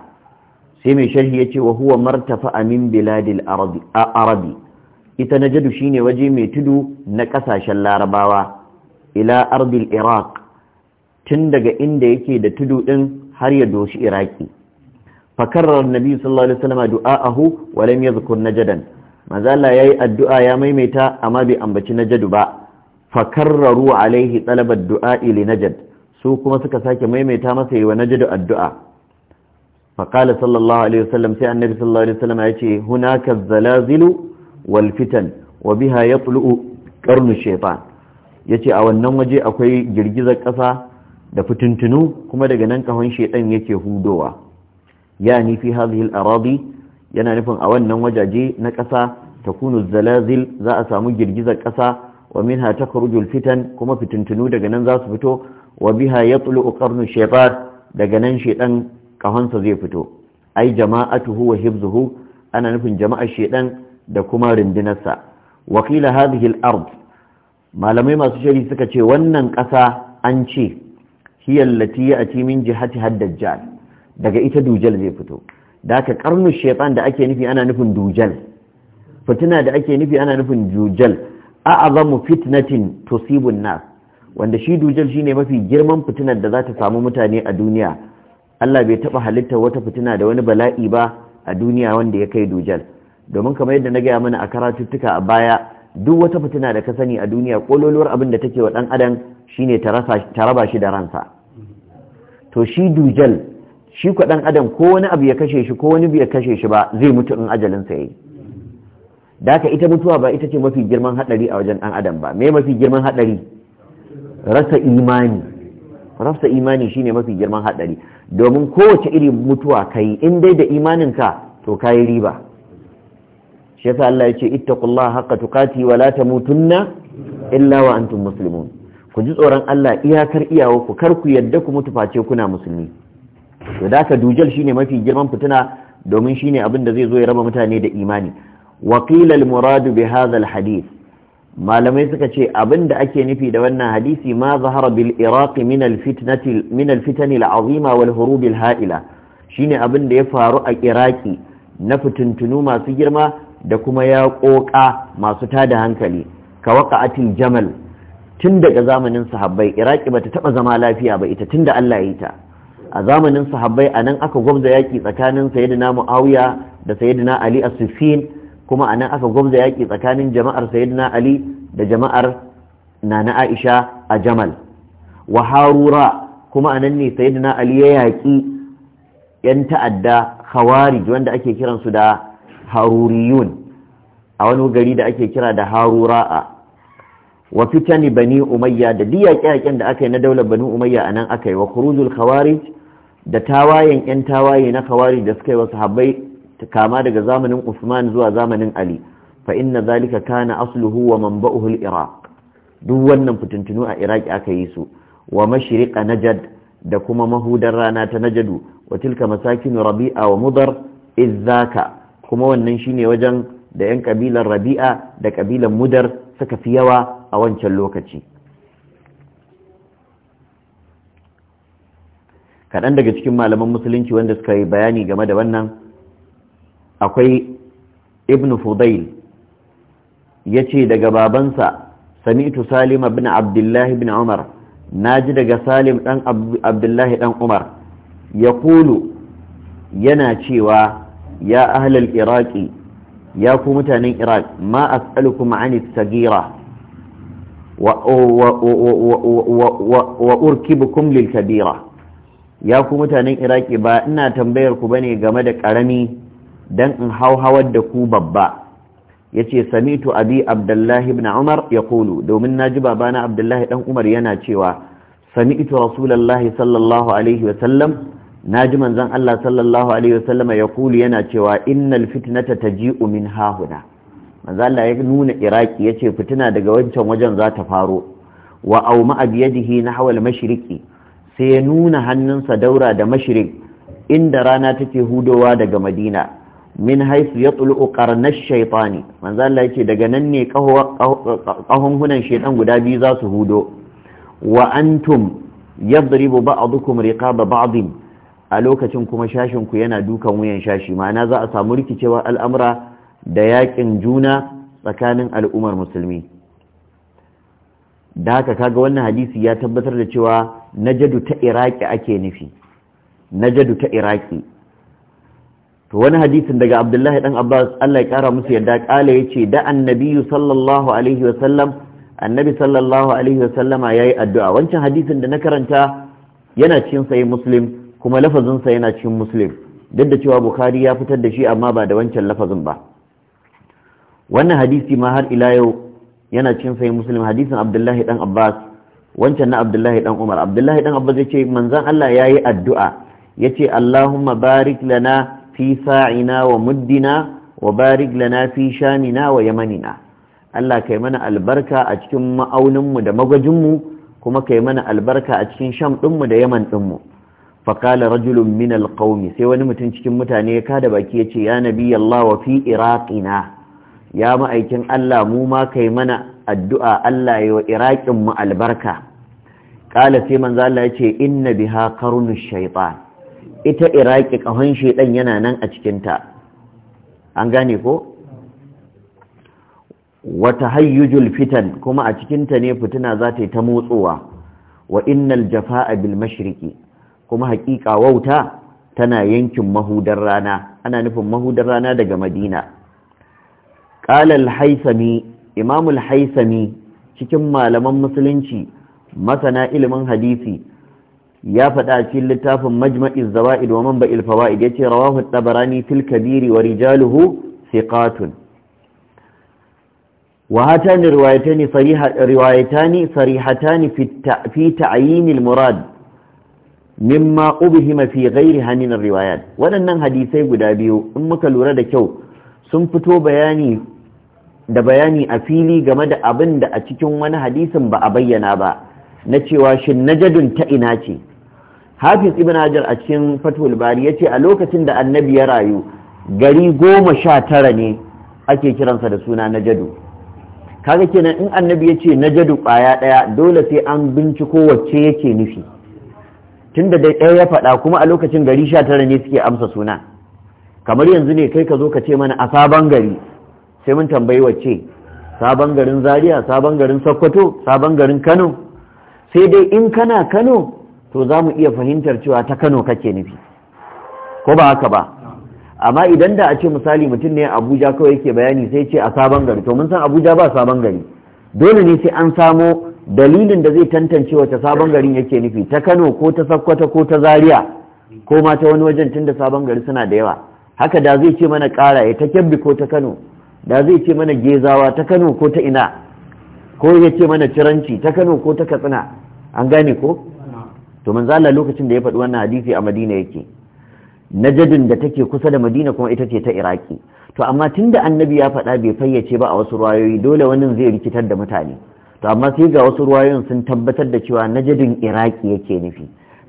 sai mai sharhi ce wa huwa martafa min biladil arabi ita najadu shine waje mai tudu na kasashen larabawa ila ardil iraq tun daga inda yake da tudu din har ya doshi iraki fakarar nabi sallallahu alaihi wasallam du'a'ahu wa lam yadhkur najadan manzo yayi addu'a ya maimaita amma bai ambaci najadu ba fakarraru alaihi talabar du'a'i li najad su kuma suka sake maimaita masa yi wa najadu addu'a faƙala sallallahu alaihi wasallam sai annabi sallallahu alaihi wasallam ya ce hunaka zalazilu Walfitan, fitan wa biha yatlu qarnu Ya yace a wannan waje akwai girgizar ƙasa da fitintunu kuma daga nan kahon shaytan yake hudowa yani fi hadhihi al yana nufin a wannan wajaje na ƙasa takunu zalazil za a samu girgizar ƙasa wa minha takhruju al fitan kuma fitintunu daga nan za su fito wa biha yatlu qarnu shaytan daga nan shaytan kahonsa zai fito ai jama'atuhu wa hibzuhu ana nufin jama'ar shaytan da kuma rindinarsa wakila hadhihi al-ard malamai masu shari suka ce wannan ƙasa an ce hiyar allati a min jihati ad daga ita dujal zai fito da ka karnu shaytan da ake nufi ana nufin dujal fitina da ake nufi ana nufin dujal a'azamu fitnatin tusibu an-nas wanda shi dujal shine mafi girman fitinar da za ta samu mutane a duniya Allah bai taba halitta wata fitina da wani bala'i ba a duniya wanda ya kai dujal domin kama yadda na gaya mana a karatuttuka a baya duk wata fitina da ka sani a duniya kololuwar abin da take wa dan adam shine ta raba shi da ransa to shi dujal shi ko dan adam ko wani abu ya kashe shi ko wani bai kashe shi ba zai mutu in ajalin sa yayi daka ita mutuwa ba ita ce mafi girman hadari a wajen dan adam ba me mafi girman hadari rasa imani rasa imani shine mafi girman hadari domin kowace irin mutuwa kai in dai da imaninka to kai riba shi yasa Allah ya ce ittaqullaha haqqa tuqati wa la tamutunna illa wa antum muslimun ku ji tsoron Allah iyakar iyawa ku kar ku yadda ku mutu face kuna musulmi to da ka dujal shine mafi girman fituna domin shine abin da zai zo ya raba mutane da imani wa qila al muradu bi hadha al hadith malamai suka ce abin da ake nufi da wannan hadisi ma zahara bil iraqi min al fitnati min al fitani al azima wal hurub al ha'ila shine abin da ya faru a iraki na fitintunu masu girma da kuma ya ƙoƙa masu tada hankali ka waƙa'atil jamal tun daga zamanin sahabbai iraki bata taɓa zama lafiya ba ita tun da allah ya yi ta a zamanin sahabbai a nan aka gwabza yaƙi tsakanin sayyidina mu'awiya da sayyidina ali a sufin kuma a nan aka gwabza yaƙi tsakanin jama'ar sayyidina ali da jama'ar nana aisha a jamal wa harura kuma a nan ne sayyidina ali ya yaƙi yan ta'adda khawarij wanda ake kiransu da haruriyun a wani gari da ake kira da harura'a wa fitani bani umayya da diya yaƙen da aka yi na daular bani umayya a nan aka yi wa kuruzul khawarij da tawayen 'yan tawaye na khawarij da suka yi wasu habbai kama daga zamanin usman zuwa zamanin ali fa inna zalika kana asluhu wa manba'uhu al-iraq duk wannan fitintunu a iraki aka yi su wa mashriqa najad da kuma mahudar rana ta najadu wa tilka masakin rabi'a wa mudar izzaka kuma wannan shine wajen da 'yan ƙabilar rabi'a da kabilar mudar suka fi yawa a wancan lokaci kaɗan daga cikin malaman musulunci wanda suka yi bayani game da wannan akwai ibn fudail ya ce daga babansa sami'tu salim bin abdullahi bin umar na ji daga salim ɗan abdullahi ɗan umar ya kulu yana cewa ya ahlal iraki ya ku mutanen iraq ma as'alukum ani sagira wa urkibukum lil kabira ya ku mutanen iraki ba ina tambayar ku bane game da karami dan in hawar da ku babba yace samitu abi abdullahi ibn umar kulu domin ji babana abdullahi dan umar yana cewa sami'tu rasulullahi sallallahu alaihi wa Na ji manzon Allah sallallahu alaihi wasallama ya kuli yana cewa innal fitnata taji'u min hahuna manzon Allah ya nuna iraki yace fitina daga wancan wajen za ta faro wa aw ma abiyadihi nahwa al-mashriqi sai ya nuna hannunsa daura da mashriq inda rana take hudowa daga Madina min haisu ya tsulu ƙarnar shaitani manzan Allah yake daga nan ne ƙahunhunan shaitan guda biyu za su hudo wa antum yadribu ba'dukum riqaba ba'din a lokacin kuma shashinku yana dukan wuyan shashi ma'ana za a samu rikicewar al'amura da yakin juna tsakanin al'ummar musulmi da haka kaga wannan hadisi ya tabbatar da cewa najadu ta iraki ake nufi najadu ta iraki to wani hadisin daga abdullahi dan abbas allah ya kara musu yadda kala ya ce da annabiyu sallallahu alaihi wasallam annabi sallallahu alaihi wasallama ya yi addu'a wancan hadisin da na karanta yana cikin sayi muslim kuma lafazinsa yana cikin muslim duk da cewa bukhari ya fitar da shi amma ba da wancan lafazin ba wannan hadisi ma har ila yau yana cikin sai muslim hadisin abdullahi dan abbas wancan na abdullahi dan umar abdullahi dan abbas ya ce manzan allah ya yi addu'a ya ce allahumma barik lana fi sa'ina wa muddina wa barik lana fi shamina wa yamanina allah kai mana albarka a cikin ma'auninmu da magwajinmu kuma kai mana albarka a cikin sham ɗinmu da yaman ɗinmu faƙala rajulun minal alƙaumi sai wani mutum cikin mutane ya kada baki ya ce ya nabi Allah wa fi iraqina ya ma'aikin Allah mu ma kai mana addu'a Allah ya wa iraƙin mu albarka ƙala sai manzo Allah ya ce inna biha qarnu shaytan ita iraki ƙahon shaytan yana nan a cikin ta an gane ko wata hayyujul fitan kuma a cikin ta ne fitina za ta yi ta motsowa wa innal jafa'a bil mashriqi kuma haƙiƙa wauta tana yankin mahudar rana ana nufin mahudar rana daga madina ƙalal haisami imamul haisami cikin malaman musulunci masana ilimin hadisi ya faɗa cikin littafin majma'iz zawa'id wa manba'il fawa'id yace rawahu tabarani fil kabiri wa rijaluhu thiqatun wa hatani riwayatani sariha riwayatani sarihatan fi ta'yin al murad mimma ubhima fi ghairiha min riwayat waɗannan hadisai guda biyu in muka lura da kyau sun fito bayani da bayani a fili game da abin da a cikin wani hadisin ba a bayyana ba na cewa shin najadun ta ina ce hafiz ibn hajar a cikin fatul bari yace a lokacin da annabi ya rayu gari goma sha tara ne ake kiransa da suna najadu kaga kenan in annabi ya ce najadu ƙwaya ɗaya dole sai an binciko wacce yake nufi Tun da ɗaya ya faɗa kuma a lokacin gari sha tara ne suke amsa suna kamar yanzu ne kai ka zo ka ce mana a sabon gari sai mun tambayi wacce sabon garin zaria sabon garin sokoto sabon garin kano sai dai in kana kano to za mu iya fahimtar cewa ta kano kake nufi ko ba haka ba amma idan da a ce misali mutum ne abuja kawai yake bayani sai ce a sabon gari to mun san abuja ba sabon gari dole ne sai an samo dalilin da zai tantance wata sabon garin yake nufi ta kano ko ta sakkwata ko ta zaria ko ma ta wani wajen tunda sabon gari suna da yawa haka da zai ce mana ya ta kyabbi ko ta kano da zai ce mana gezawa ta kano ko ta ina ko ya ce mana ciranci ta kano ko ta katsina an gane ko to manzala lokacin da ya faɗi wannan hadisi a madina yake najadin da take kusa da madina kuma ita ce ta iraki to amma tunda annabi ya faɗa bai fayyace ba a wasu ruwayoyi dole wani zai rikitar da mutane to amma sai ga wasu ruwayoyin sun tabbatar da cewa najadin iraki yake nufi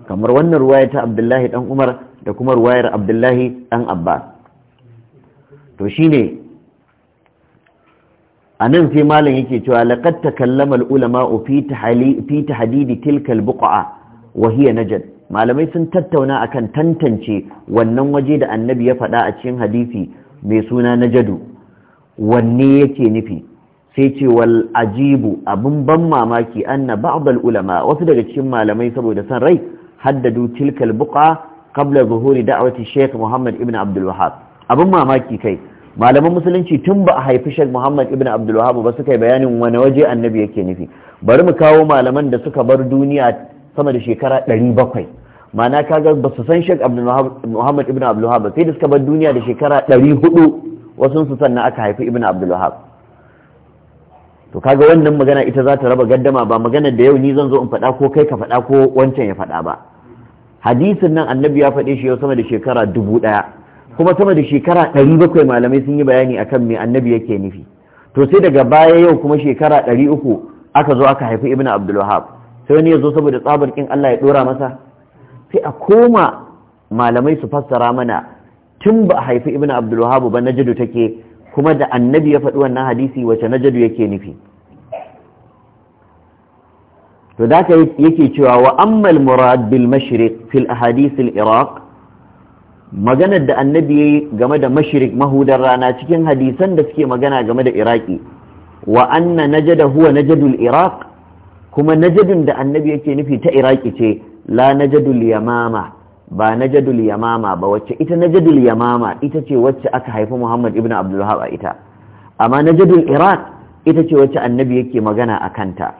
kamar wannan ruwaya ta abdullahi dan umar da kuma ruwayar abdullahi dan Abba. to shine a nan sai malam yake cewa laqad takallama ulama fi fi tahdidi tilka albuqa wa hiya najad malamai sun tattauna akan tantance wannan waje da annabi ya faɗa a cikin hadisi mai suna najadu wanne yake nufi sai ce wal ajibu abin ban mamaki anna ba'dal ulama wasu daga cikin malamai saboda san rai haddadu tilkal buqa qabla zuhuri da'wati Sheikh Muhammad ibn Abdul Wahhab abin mamaki kai malaman musulunci tun ba a haifi Sheikh Muhammad ibn Abdul Wahhab ba suka yi bayanin wani waje annabi yake nufi bari mu kawo malaman da suka bar duniya sama da shekara 700 ma'ana kaga ba su san Sheikh Abdul Muhammad ibn Abdul Wahhab sai da suka bar duniya da shekara 400 wasu su sannan aka haifi ibn Abdul Wahhab to kaga wannan magana ita za ta raba gaddama ba magana da yau ni zan zo in faɗa ko kai ka faɗa ko wancan ya faɗa ba hadisin nan annabi ya faɗe shi yau sama da shekara dubu ɗaya kuma sama da shekara ɗari bakwai malamai sun yi bayani akan me annabi yake nufi to sai daga baya yau kuma shekara ɗari uku aka zo aka haifi ibnu abdul wahab sai wani ya zo saboda tsabar kin Allah ya ɗora masa sai a koma malamai su fassara mana tun ba a haifi ibnu abdul wahab ba najdu take kuma da annabi ya faɗi wannan hadisi wace najadu yake nufi to da yake cewa wa ammal murad bil mashriq fil ahadith iraq maganar da annabi yayi game da mashriq mahudar rana cikin hadisan da suke magana game da iraki wa anna najada huwa najadul iraq kuma najadun da annabi yake nufi ta iraki ce la najadul yamama ba na jadul yamama ba wacce ita na jadul yamama ita ce wacce aka haifi muhammad ibn abdullahab a ita amma na jadul iraq ita ce wacce annabi yake magana a kanta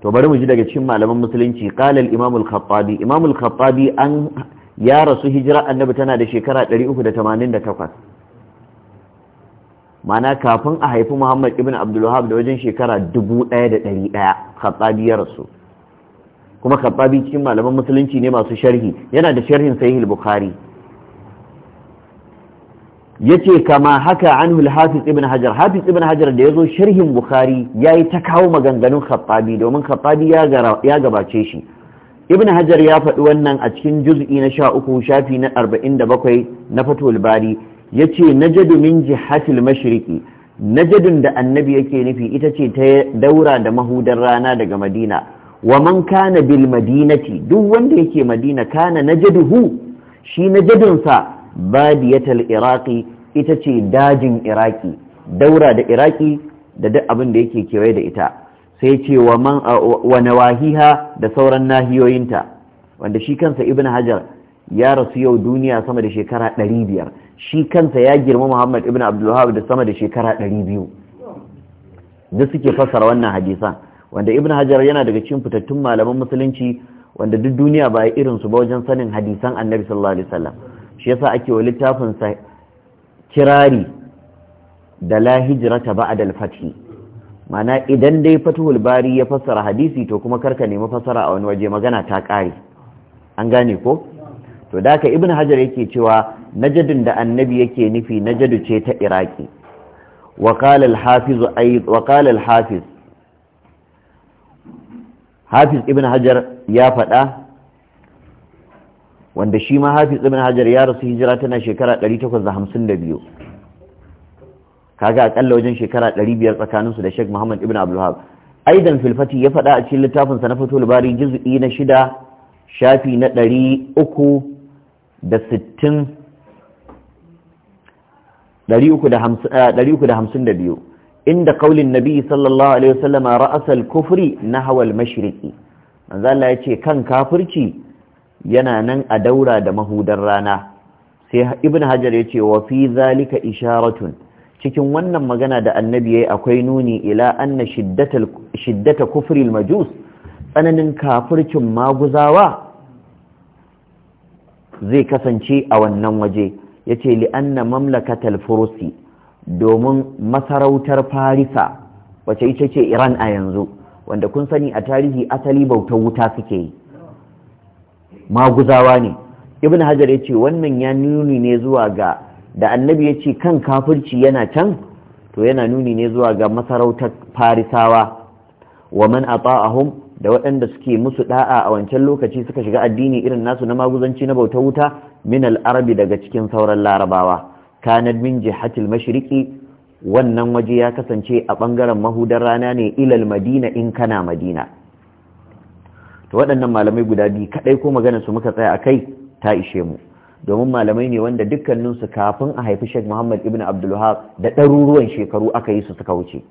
to bari mu ji daga cikin malaman musulunci qala al-imam al-khattabi imam al-khattabi an ya rasu hijira annabi tana da shekara da 388 mana kafin a haifi muhammad ibn abdullahab da wajen shekara dubu ɗaya da ɗari ɗaya. khattabi ya rasu kuma kababi cikin malaman musulunci ne masu sharhi yana da sharhin sahih bukhari yace kama haka anhu al-hafiz ibn hajar hafiz ibn hajar da yazo sharhin bukhari yayi ta kawo maganganun khattabi domin kababi ya ya gabace shi ibn hajar ya faɗi wannan a cikin juz'i na 13 shafi na 47 na fatul bari yace najadu min jihatil mashriqi najadun da annabi yake nufi ita ce ta daura da mahudar rana daga madina wa man kana bil madinati duk wanda yake madina kana najaduhu shi najadinsa badiyatal iraqi ita ce dajin iraki daura da iraki da duk abin da yake kewaye da ita sai ce wa man wa nawahiha da sauran nahiyoyinta wanda shi kansa ibn hajar ya rasu yau duniya sama da shekara 500 shi kansa ya girma muhammad ibn abdul da sama da shekara 200 duk suke fassara wannan hadisan wanda ibn hajar yana daga cikin fitattun malaman musulunci wanda duk duniya ba ya irin su ba wajen sanin hadisan annabi sallallahu alaihi wasallam shi yasa ake wa littafin sa kirari da la hijrata ba'da al-fath mana idan dai fatuhul bari ya fassara hadisi to kuma karka nemi fassara a wani waje magana ta kare an gane ko to da ka ibn hajar yake cewa najadin da annabi yake nufi najadu ce ta iraki wa qala al-hafiz wa qala al-hafiz hafiz ibn hajar ya faɗa wanda shi ma hafiz ibn hajar ya rasu hijira tana shekara 852 kaga akalla wajen shekara 500 tsakaninsu da sheikh muhammad ibn abdullahab aidan filfati ya faɗa a cikin littafinsa na fito libari juz'i na shida shafi na ɗari uku da sittin ɗari uku da hamsin da biyu inda kaulin nabi sallallahu alaihi wasallam ra'asal kufri nahwa al-mashriqi manzo Allah yace kan kafirci yana nan a daura da mahudar rana sai ibn hajar yace wa fi zalika isharatun cikin wannan magana da annabi yayi akwai nuni ila anna shiddatal shiddata kufri al-majus tsananin kafircin maguzawa zai kasance a wannan waje yace li anna mamlakatal furusi domin masarautar farisa wace ita ce iran a yanzu wanda kun sani a tarihi asali bauta wuta suke yi maguzawa ne ibn hajar ya ce wannan ya nuni ne zuwa ga da annabi ya ce kan kafirci yana can to yana nuni ne zuwa ga masarautar farisawa wa man ata'ahum da waɗanda suke musu ɗa'a a wancan lokaci suka shiga addini irin nasu na maguzanci na bautar wuta min al-arabi daga cikin sauran larabawa kanad min jihatil mashriqi wannan waje ya kasance a bangaren mahudar rana ne ilal madina in kana madina to waɗannan malamai guda biyu kaɗai ko magana su muka tsaya a kai, ta ishe mu domin malamai ne wanda dukkaninsu kafin a haifi shek Muhammad ibn Abdulwahab da ɗaruruwan shekaru aka yi su suka wuce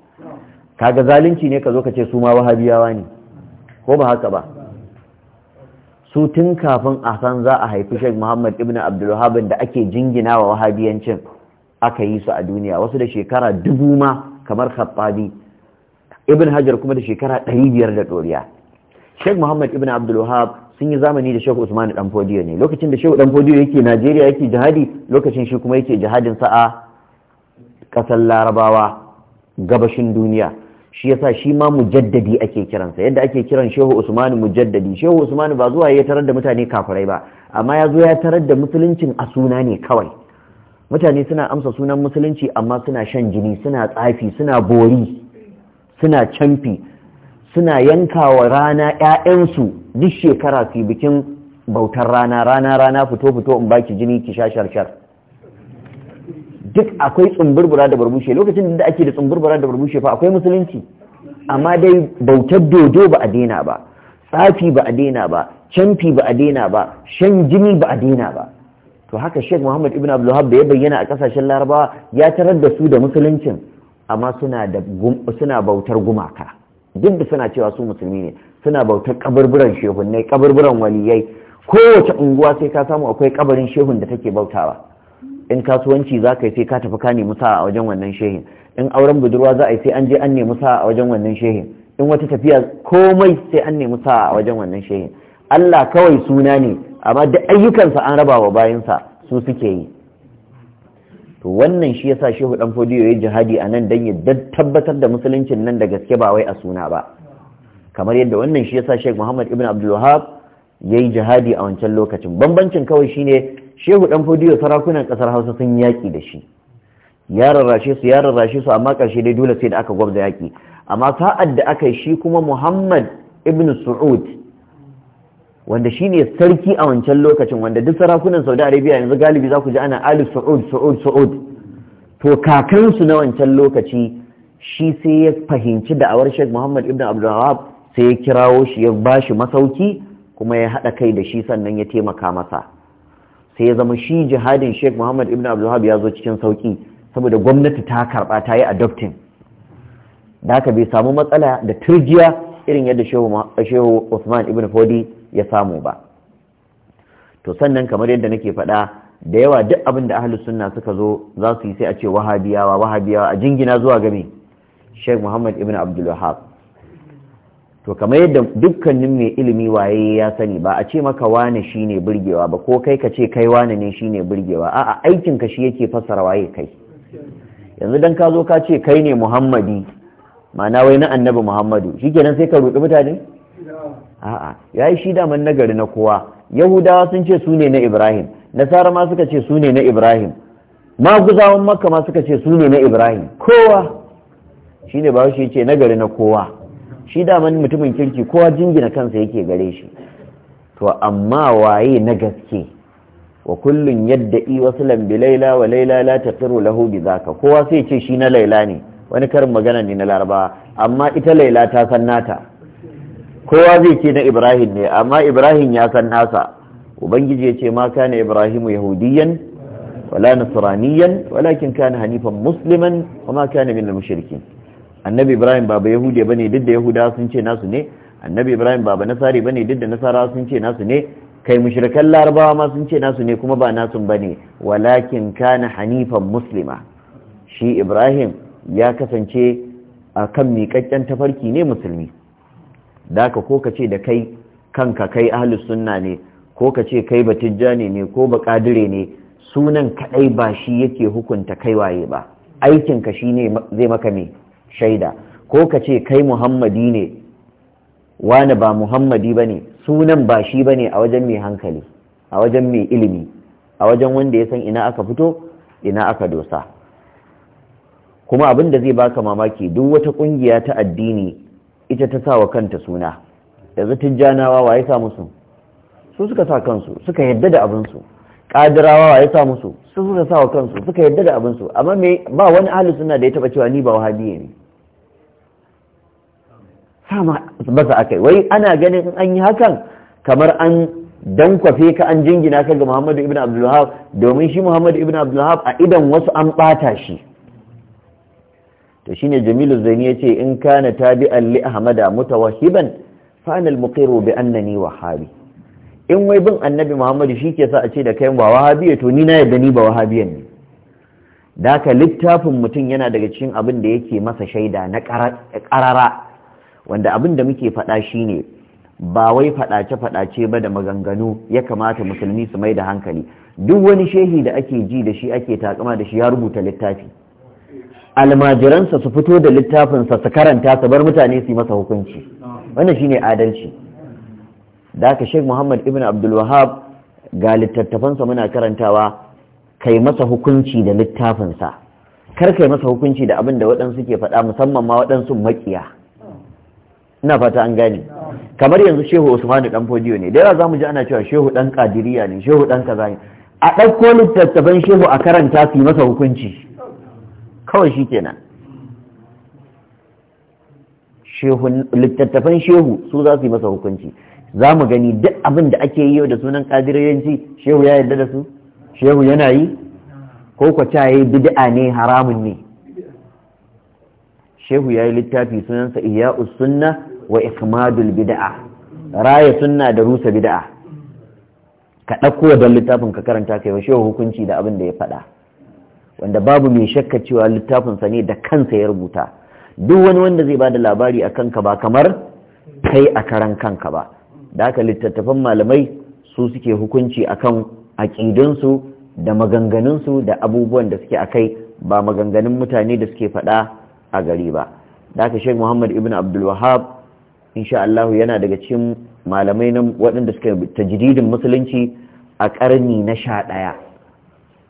kaga zalunci ne ka zo ka ce su ma wahabiyawa ne ko ba haka ba su tun kafin a san za a haifi Sheikh Muhammad ibn Abdul da ake jingina wa wahabiyancin aka yi su a duniya wasu da shekara dubu ma kamar Khattabi Ibn Hajar kuma da shekara ɗari biyar da ɗoriya Sheikh Muhammad ibn Abdul sun yi zamani da Sheikh Usman dan Fodiyo ne lokacin da Sheikh dan Fodiyo yake Najeriya yake jihadi lokacin shi kuma yake jihadin sa'a a Larabawa gabashin duniya shi yasa shi ma mujaddadi ake kiransa yadda ake kiran shehu usmanu mujaddadi shehu usmanu ba zuwa ya tarar da mutane kafirai ba amma ya zo ya tarar da musuluncin a suna ne kawai mutane suna amsa sunan musulunci amma suna shan jini suna tsafi suna bori suna camfi suna yankawa rana ƴaƴansu duk shekara su bikin bautar rana rana rana fito fito in baki jini ki sha sharshar duk akwai tsumburbura da barbushe lokacin da ake da tsumburbura da barbushe fa akwai musulunci amma dai bautar dodo ba a daina ba tsafi ba a daina ba canfi ba a daina ba shan jini ba a daina ba to haka sheikh muhammad ibn abdullahab da ya bayyana a kasashen larabawa ya tarar da su da musuluncin amma suna da suna bautar gumaka duk da suna cewa su musulmi ne suna bautar kaburburan shehunnai kaburburan waliyai kowace unguwa sai ka samu akwai kabarin shehun da take bautawa in kasuwanci za ka yi sai ka tafi ka nemi sa a wajen wannan shehin in auren budurwa za a yi sai an je an nemi sa'a a wajen wannan shehin in wata tafiya komai sai an nemi sa'a a wajen wannan shehin Allah kawai suna ne amma da ayyukansa an raba wa bayansa su suke yi to wannan shi yasa shehu dan fodiyo ya jihadi a nan dan ya tabbatar da musuluncin nan da gaske ba wai a suna ba kamar yadda wannan shi yasa Sheikh Muhammad Ibn Abdul Wahhab yayi jihadi a wancan lokacin bambancin kawai shine shehu dan fodiyo sarakunan kasar hausa sun yaki da shi ya rarrashe su ya rarrashe su amma ƙarshe dai dole sai da aka gwabza yaki amma sa'ad da aka yi shi kuma muhammad ibn su'ud wanda shi ne sarki a wancan lokacin wanda duk sarakunan saudi arabia yanzu galibi za ku ji ana ali su'ud su'ud su'ud to kakansu na wancan lokaci shi sai ya fahimci da'awar sheikh muhammad ibn abdulwahab sai ya kirawo shi ya ba shi masauki kuma ya haɗa kai da shi sannan ya taimaka masa sai ya zama shi jihadin sheikh muhammad ibn abdullahab ya zo cikin sauki saboda gwamnati ta karba ta yi adopting da haka bai samu matsala da turjiya irin yadda shehu usman ibn fodi ya samu ba to sannan kamar yadda nake faɗa da yawa duk abin da ahlus sunna suka zo za su yi sai a ce wahabiyawa wahabiyawa a jingina zuwa game sheikh muhammad ibn Abdulwahab. to kamar yadda dukkanin mai ilimi waye ya sani ba a ce maka wane shi ne burgewa ba ko kai ka ce kai wane ne shi ne burgewa a'a aikin ka shi yake fassara waye kai yanzu dan ka zo ka ce kai ne muhammadi ma'ana wai na annabi muhammadu shi kenan sai ka roƙi mutane a'a yi shi daman nagari na kowa yahudawa sun ce su ne na ibrahim nasara ma suka ce su ne na ibrahim maguzawan makka ma suka ce su ne na ibrahim kowa shi ne ba shi ce nagari na kowa shi daman mutumin kirki kowa jingina kansa yake gare shi to amma waye na gaske wa kullun yadda i wasu lambi laila wa laila la taqiru lahu za zaka kowa sai ce shi na laila ne wani karin magana ne na laraba amma ita laila ta san nata kowa zai ce na ibrahim ne amma ibrahim ya san nasa ubangiji ya ce ma ne ibrahimu yahudiyan wala nasraniyan walakin kana hanifan musliman wa ma kana min al-mushrikin annabi ibrahim baba ba bane duk da yahuda sun ce nasu ne annabi ibrahim baba nasari bane duk da nasara sun ce nasu ne kai mushrikan larabawa ma sun ce nasu ne kuma ba nasun bane walakin kana hanifan muslima shi ibrahim ya kasance a kan miƙaƙƙen tafarki ne musulmi da ka ko ka ce da kai kanka kai ahlus sunna ne ko ka ce kai batijjani ne ko baƙadire ne sunan kaɗai ba shi yake hukunta kai waye ba aikinka shi ne zai maka ne shaida ko ka ce kai muhammadi ne wani ba muhammadi ba ne sunan ba shi ba ne a wajen mai hankali a wajen mai ilimi a wajen wanda ya san ina aka fito ina aka dosa kuma abin da zai baka mamaki duk wata kungiya ta addini ita ta sa wa kanta suna yanzu tijjanawa wa ya sa musu su suka sa kansu suka yadda da abinsu kadirawa ya sa musu su suka sa wa kansu suka yadda da abinsu amma me ba wani ahli suna da ya taba cewa ni ba wahabiye ne sama ba sa akai wai ana ganin in an yi hakan kamar an dankwafe ka an jingina ka ga Muhammadu ibn Abdul domin shi Muhammadu ibn Abdul a idan wasu an bata shi to shine Jamilu Zaini ya ce in kana tabi'an li Ahmada mutawahhiban fa ana al-muqiru bi annani wahabi in wai bin annabi muhammadu shi ke sa a ce da kai ba wahabiya to ni na yadda ni ba wahabiyan ne da ka littafin mutum yana daga cikin abin da yake masa shaida na karara wanda abin da muke faɗa shi ne ba wai faɗace-faɗace ba da maganganu ya kamata musulmi su mai da hankali duk wani shehi da ake ji da shi ake takama da shi ya rubuta littafi almajiransa su fito da littafinsa su karanta su bar mutane su yi masa hukunci wannan shine adalci da aka sheik muhammad ibn abdulwahab ga littattafansa muna karantawa kai masa hukunci da littafinsa kar kai masa hukunci da abin da waɗansu ke faɗa musamman ma waɗansu maƙiya ina fata an gane kamar yanzu shehu usmanu dan fodiyo ne da yawa za mu ji ana cewa shehu dan kadiriya ne shehu dan kaza ne a ɗauko littattafan shehu a karanta su masa hukunci kawai shi kenan littattafan shehu su za su yi masa hukunci za mu gani duk abin da ake yi da sunan ƙadiriyanci shehu ya yarda da su shehu yana yi ko kwacha ya yi bid'a ne haramun ne shehu ya yi littafi sunansa Iyaus, sunna wa ikmadul bid'a raya sunna da rusa bid'a ka ɗauko don littafin ka karanta kai wa shehu hukunci da abin da ya faɗa wanda babu mai shakka cewa littafinsa ne da kansa ya rubuta duk wani wanda zai ba da labari a kanka ba kamar kai a karan kanka ba da aka littattafan malamai su suke hukunci akan aƙidunsu da maganganunsu da abubuwan da suke akai ba maganganun mutane da suke faɗa a gari ba da aka sheikh muhammad ibn abdul wahab insha Allah yana daga cikin malamai na waɗanda suke tajridin musulunci a ƙarni na sha ɗaya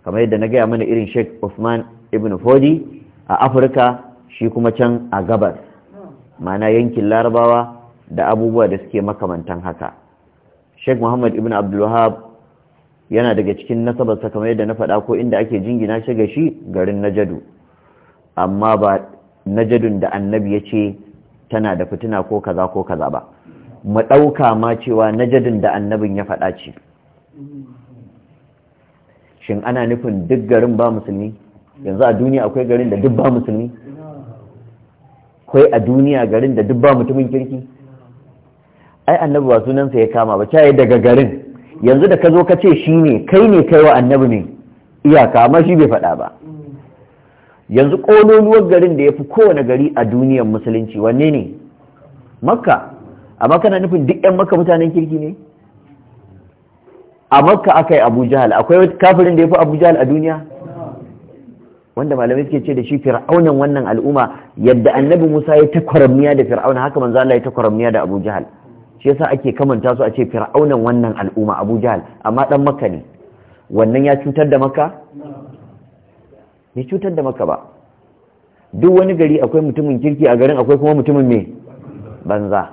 kamar yadda na gaya mana irin sheikh Usman ibn Fodi a Afirka shi kuma can a gabas mana yankin larabawa da abubuwa da suke makamantan haka sheikh muhammad ibn abdulwahab yana daga cikin nasabarsa kamar yadda na faɗa ko inda ake jingina shi ga shi garin najadu amma ba najadun da annabi ya ce tana da fitina ko kaza ko kaza ba mu ɗauka ma cewa najadun da annabin ya faɗa ce shin ana nufin duk garin ba musulmi yanzu a duniya akwai garin da duk ba musulmi akwai a duniya garin da duk ba mutumin kirki ai annabi ba sunansa ya kama ba cewa daga garin yanzu da ka zo ka ce shi ne kai ne kai wa annabi ne iyaka amma shi bai faɗa ba yanzu ƙololuwar garin da ya fi kowane gari a duniyar musulunci wanne ne makka amma kana nufin duk 'yan makka mutanen kirki ne a makka aka yi abu jahal akwai kafirin da ya fi abu jahal a duniya wanda malamai suke ce da shi fir'aunan wannan al'umma yadda annabi musa ya ta kwaramniya da fir'auna haka manzo Allah ya ta kwaramniya da abu jahal shi yasa ake kamanta su a ce fir'aunan wannan al'umma abu jahal amma dan makka ne wannan ya cutar da maka? ya cutar da maka ba duk wani gari akwai mutumin kirki a garin akwai kuma mutumin me banza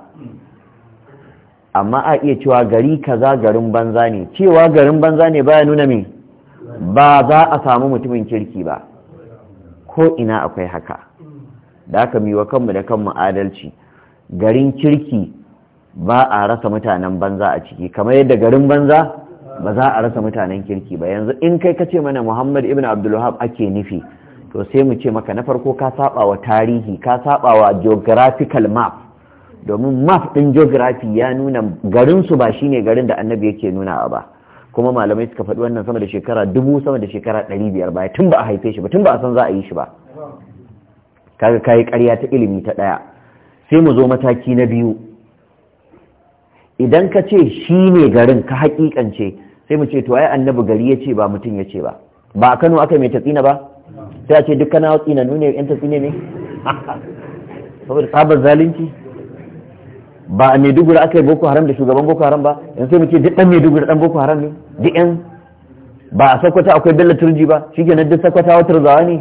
amma a iya cewa gari kaza garin banza ne cewa garin banza ne baya nuna me ba za a samu mutumin kirki ba ko ina akwai haka da aka miwa kanmu da kanmu adalci garin kirki ba a rasa mutanen banza a ciki kamar yadda garin banza ba za a rasa mutanen kirki ba yanzu in kai ka ce mana Muhammad ibn Abdulwahab ake nufi to sai mu ce maka na farko ka saba wa tarihi ka saba wa geographical map domin map din geography ya nuna garin su ba shine garin da Annabi yake nuna ba kuma malamai suka faɗi wannan sama da shekara dubu sama da shekara ɗari biyar baya tun ba a haife shi ba tun ba a san za a yi shi ba kaga kayi ƙarya ta ilimi ta ɗaya sai mu zo mataki na biyu idan ka ce shi ne garin ka haƙiƙance sai mu ce to ai annabi gari ya ce ba mutum ya ce ba ba a kano aka mai tatsina ba sai a ce duk kana tsina nune yan tatsina ne (laughs) saboda tsabar zalunci ba a maiduguri aka yi boko haram da shugaban boko haram ba yanzu sai mu ce duk dan maiduguri dan boko haram ne duk yan ba a sakwata akwai bello turji ba shi ke duk sakwata wata zawa ne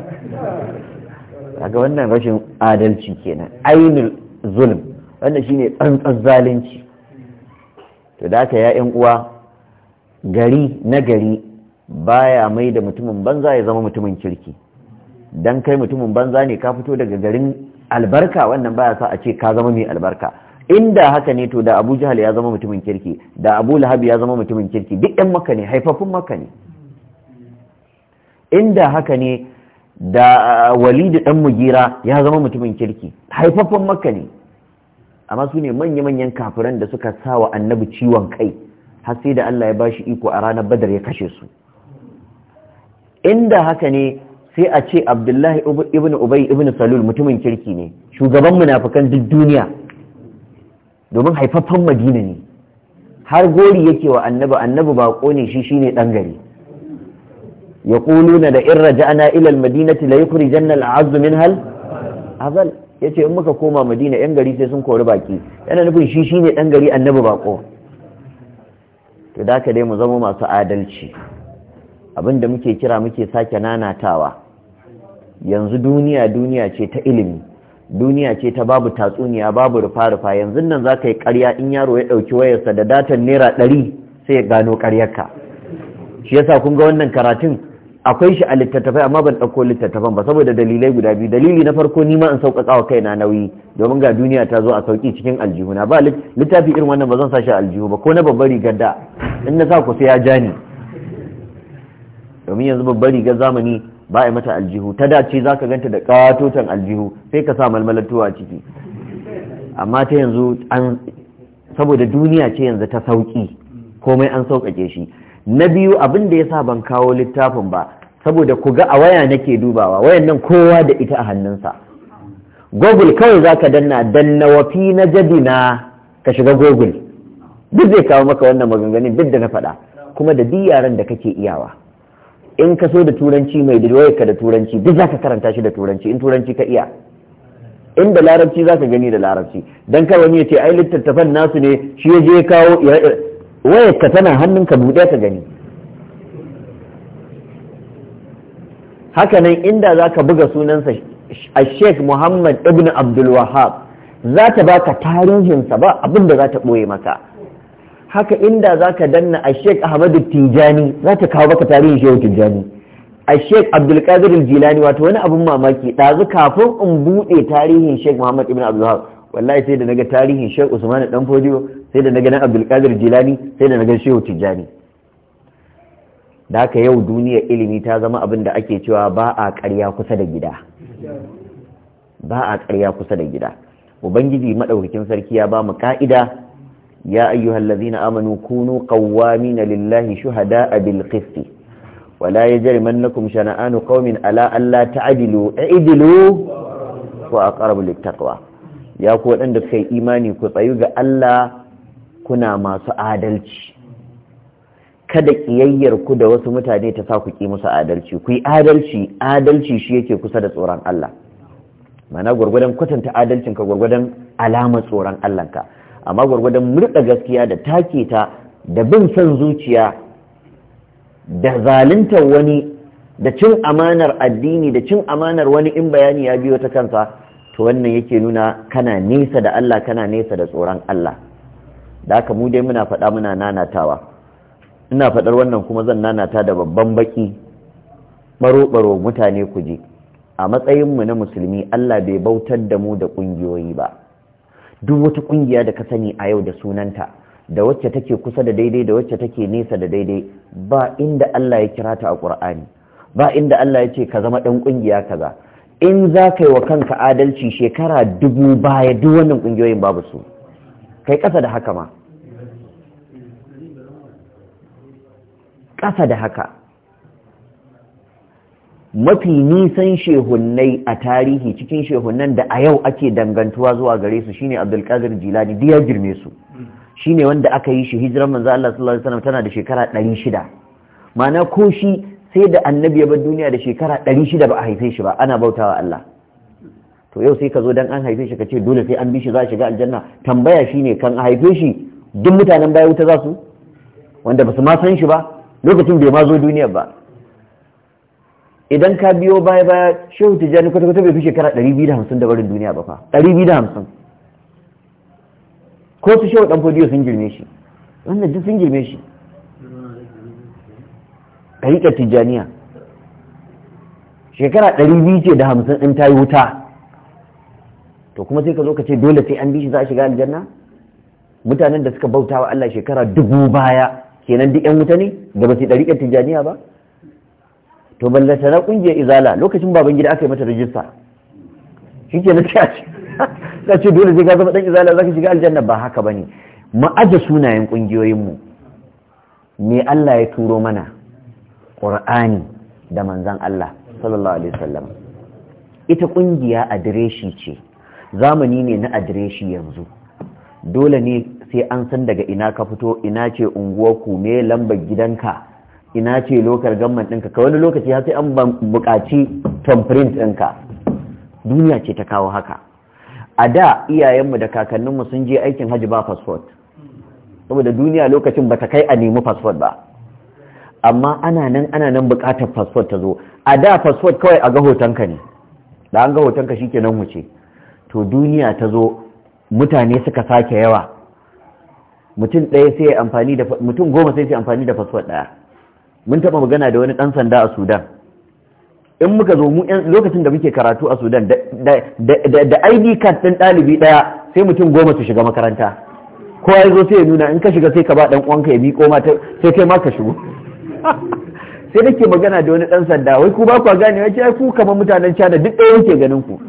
ga wannan rashin adalci kenan ainul zulm wannan shine tsantsan zalunci to da haka ya uwa gari na gari baya mai da mutumin banza ya zama mutumin kirki dan kai mutumin banza ne ka fito daga garin albarka wannan baya sa a ce ka zama mai albarka inda haka ne to da Abu jihal ya zama mutumin kirki da Abu Lahab ya zama mutumin kirki duk yan maka ne haifafin maka ne inda haka ne da uh, Walid dan Mugira ya zama mutumin kirki haifafin maka ne amma su ne manya-manyan kafiran da suka sa wa annabi ciwon kai har sai da Allah ya bashi iko a ranar badar ya kashe su inda haka ne sai a ce abdullahi ibn ubay ibn salul mutumin kirki ne shugaban munafikan duk duniya domin haifaffen madina ne har gori yake wa annabi annabi bako ne shi shine dan gari yaquluna da in raja'na ila al-madinati la yukhrijanna al-'azzu minha azal ya ce in muka koma madina yan gari sai sun kori baki yana nufin shi shi ne dan gari annabi bako to da ka dai mu zama masu adalci abin da muke kira muke sake nanatawa yanzu duniya duniya ce ta ilimi duniya ce ta babu tatsuniya babu rufa-rufa yanzu nan za ka yi karya in yaro ya ɗauki wayarsa da datan naira ɗari sai ya gano karyarka. shi yasa kun ga wannan karatun akwai shi a littattafai amma ban ɗauko littattafan ba saboda dalilai guda biyu dalili na farko ni ma in sauƙaƙa wa na nauyi domin ga duniya ta zo a sauki cikin aljihu na ba littafi irin wannan ba zan sa shi a aljihu ba ko na babbar rigar da in na sa ku sai ya ja ni domin yanzu babbar rigar zamani ba a mata aljihu ta dace za ka ganta da ƙatoton aljihu sai ka sa malmalatuwa a ciki amma ta yanzu an saboda duniya ce yanzu ta sauƙi komai an sauƙaƙe shi na biyu abin da yasa ban kawo littafin ba saboda ku ga a waya nake dubawa wayan nan kowa da ita a hannunsa google kawai zaka danna danna wafi na jadina ka shiga google duk zai kawo maka wannan maganganun duk da na faɗa kuma da duk yaran da kake iyawa in ka so da turanci mai ka da turanci duk zaka karanta shi da turanci in turanci ka iya in da larabci zaka gani da larabci dan kawai wani ya ce ai littattafan nasu ne shi ya je kawo wayar tana hannunka buɗe ka gani hakanan inda za ka buga sunansa a sheik muhammad ibn abdulwahab za ta baka tarihinsa ba abinda za ta ɓoye maka haka inda za ka danna a sheik ahmadu tijani za ta kawo baka tarihin shehu tijani a sheik abdulkadir jilani wato wani abin mamaki ɗazu kafin in buɗe tarihin sheik muhammad ibn abdulwahab wallahi sai da naga tarihin sheik usman dan fodiyo sai da na ganin abdulkadir jilani sai da na gan shehu tijjani da haka yau duniyar ilimi ta zama abin da ake cewa ba a ƙarya kusa da gida ba a ƙarya kusa da gida ubangiji maɗaukakin sarki ya ba mu ka'ida ya ayyuhal ladzina amanu kunu na lillahi shuhada a bil Wala ya la yajrimannakum shana'anu qaumin ala alla ta'dilu i'dilu wa aqrabu lit ya ku waɗanda kai imani ku tsayu ga Allah kuna masu adalci kada ƙiyayyar ku da wasu mutane ta sa ku ki musu adalci ku yi adalci adalci shi yake kusa da tsoron Allah mana gwargwadon kwatanta adalcinka gwargwadon alamar tsoron Allah ka. amma gwargwadon murda gaskiya da take ta da bin son zuciya da zaluntar wani da cin amanar addini da cin amanar wani in bayani ya biyo ta kansa to wannan yake nuna kana nesa da Allah kana nesa da tsoron Allah da aka mu dai muna faɗa muna nanatawa ina faɗar wannan kuma zan nanata da babban baki baro-baro mutane ku je a matsayinmu na musulmi Allah bai bautar da mu da ƙungiyoyi ba duk wata ƙungiya da ka sani a yau da sunanta da wacce take kusa da daidai da wacce take nesa da daidai ba inda Allah ya kira ta a ƙur'ani ba inda Allah ya ce ka zama ɗan ƙungiya kaza in za ka yi wa kanka adalci shekara dubu baya duk wannan ƙungiyoyin babu su kai ƙasa da haka ma ƙasa da haka mafi nisan shehunai a tarihi cikin shehunan da a yau ake dangantuwa zuwa gare su shine abdulkadir jilani duk ya girme su shine wanda aka yi shi hijiran manzo Allah sallallahu alaihi wasallam tana da shekara 600 ma'ana ko shi sai da annabi ya bar duniya da shekara ɗari shida ba a haife shi ba ana bautawa Allah to yau sai ka zo dan an haife shi ka ce dole sai an bi shi za shiga aljanna tambaya shi ne kan a haife shi duk mutanen baya wuta za su wanda ba su ma san shi ba lokacin bai ma zo duniyar ba idan ka biyo baya baya shehu tijjani kwata kwata bai fi shekara 250 da barin duniya ba fa 250 ko su shehu dan fodiyo sun girme shi wannan duk sun girme shi tariƙar tijjaniya shekara 250 in ta yi wuta to kuma sai ka zo ka ce dole sai an bi shi za a shiga aljanna mutanen da suka bauta wa Allah shekara dubu baya kenan duk yan wuta ne da ba su ɗariƙar tijjaniya ba to balla na kungiya izala lokacin baban gida aka yi mata rajista shi ke na za (laughs) ce dole sai ka zama ɗan izala za ka shiga aljanna ba haka ba ne ma'aja sunayen kungiyoyinmu. me Allah ya turo mana ƙur'ani da manzan Allah sallallahu alaihi wasallam ita kungiya adireshi ce zamani ne na adireshi yanzu dole ne sai an san daga ina ka fito ina ce unguwarku me lambar gidanka ina ce lokar gamman ɗinka ka wani lokaci sai an buƙaci tamprint ɗinka duniya ce ta kawo haka a da iyayenmu da kakanninmu sun je aikin hajji ba fasfot saboda duniya lokacin ba ta kai a nemi fasfot ba amma ana nan ana nan buƙatar fasfot ta zo a da fasfot kawai a ga hotonka ne da an ga hotonka shikenan wuce to duniya ta zo mutane suka sake yawa mutum ɗaya sai amfani da mutum goma sai sai amfani da fasfot ɗaya mun taɓa magana da wani ɗan sanda a sudan in muka zo mu lokacin da muke karatu a sudan da id card ɗin ɗalibi ɗaya sai mutum goma su shiga makaranta kowa ya zo sai ya nuna in ka shiga sai ka ba ɗan uwanka ya miƙo ma sai kai ma ka shigo (laughs) sai nake magana da wani ɗan sanda wai ku ba ku gane wai ku kamar mutanen cana, duk ɗaya yake ganin ku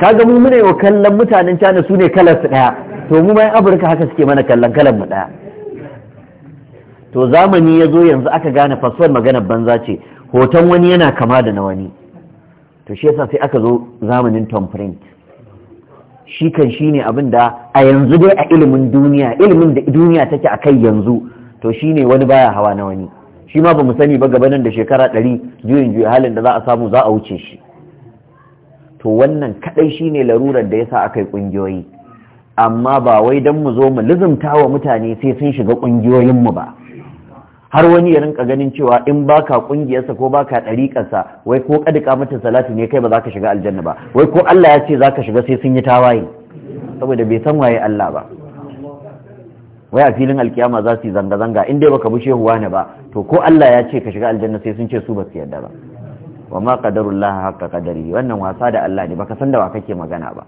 kaga mu yi wa kallon mutanen cana su ne kalar su daya to mu mai Afirka haka suke mana kallon kalar mu daya to zamani ya zo yanzu aka gane fasfon maganar banza ce hoton wani yana kama da na wani to shi yasa sai aka zo zamanin tom print shi kan shi ne abin da a yanzu dai a ilimin duniya ilimin da duniya take a kai yanzu to shi ne wani baya hawa na wani shi ma ba mu sani ba gabanin da shekara ɗari juyin juya halin da za a samu za a wuce shi to wannan kadai shine larurar da ya sa aka yi kungiyoyi amma ba wai don mu zo mu lizumta wa mutane sai sun shiga kungiyoyinmu ba har wani ya rinka ganin cewa in baka kungiyarsa ko baka ɗariƙarsa wai ko ƙadika mata salatu ne kai ba za ka shiga aljanna ba wai ko Allah ya ce za ka shiga sai sun yi tawaye saboda bai san waye Allah ba wai a filin alkiyama za su yi zanga-zanga in dai baka bushe Huwa ne ba to ko Allah ya ce ka shiga aljanna sai sun ce su ba su yarda ba wa ma qadarullah haqqa qadari wannan wasa da Allah ne baka san da wa kake magana ba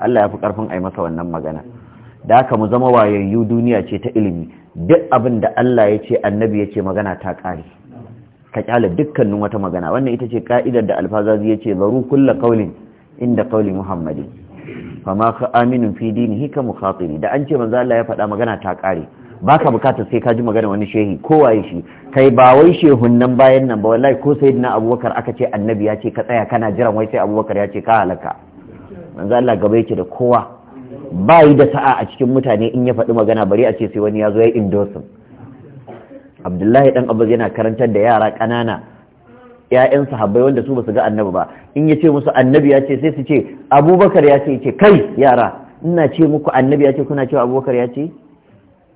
Allah ya fi karfin ai masa wannan magana da haka mu zama wayayyu duniya ce ta ilimi duk abin da Allah ya ce annabi ya ce magana ta kare ka kyale dukkanin wata magana wannan ita ce ka'idar da alfazazi ya ce zaru kullu qaulin inda qauli muhammadin ma ka aminu fi dinihi ka mukhatiri da an ce manzo Allah ya faɗa magana ta kare baka bukatar sai ka ji magana wani shehi ko waye shi kai ba wai shehunnan bayan nan ba wallahi ko sayyidina abubakar aka ce annabi ya ce ka tsaya kana jiran wai sai abubakar ya ce ka halaka manzo Allah gaba yake da kowa ba yi da sa'a a cikin mutane in ya faɗi magana bari a ce sai wani ya zo ya indosu abdullahi dan abbas yana karantar da yara ƙanana ƴaƴan sahabbai wanda su basu ga annabi ba in ya ce musu annabi ya ce sai su ce abubakar ya ce ce kai yara ina ce muku annabi ya ce kuna cewa abubakar ya ce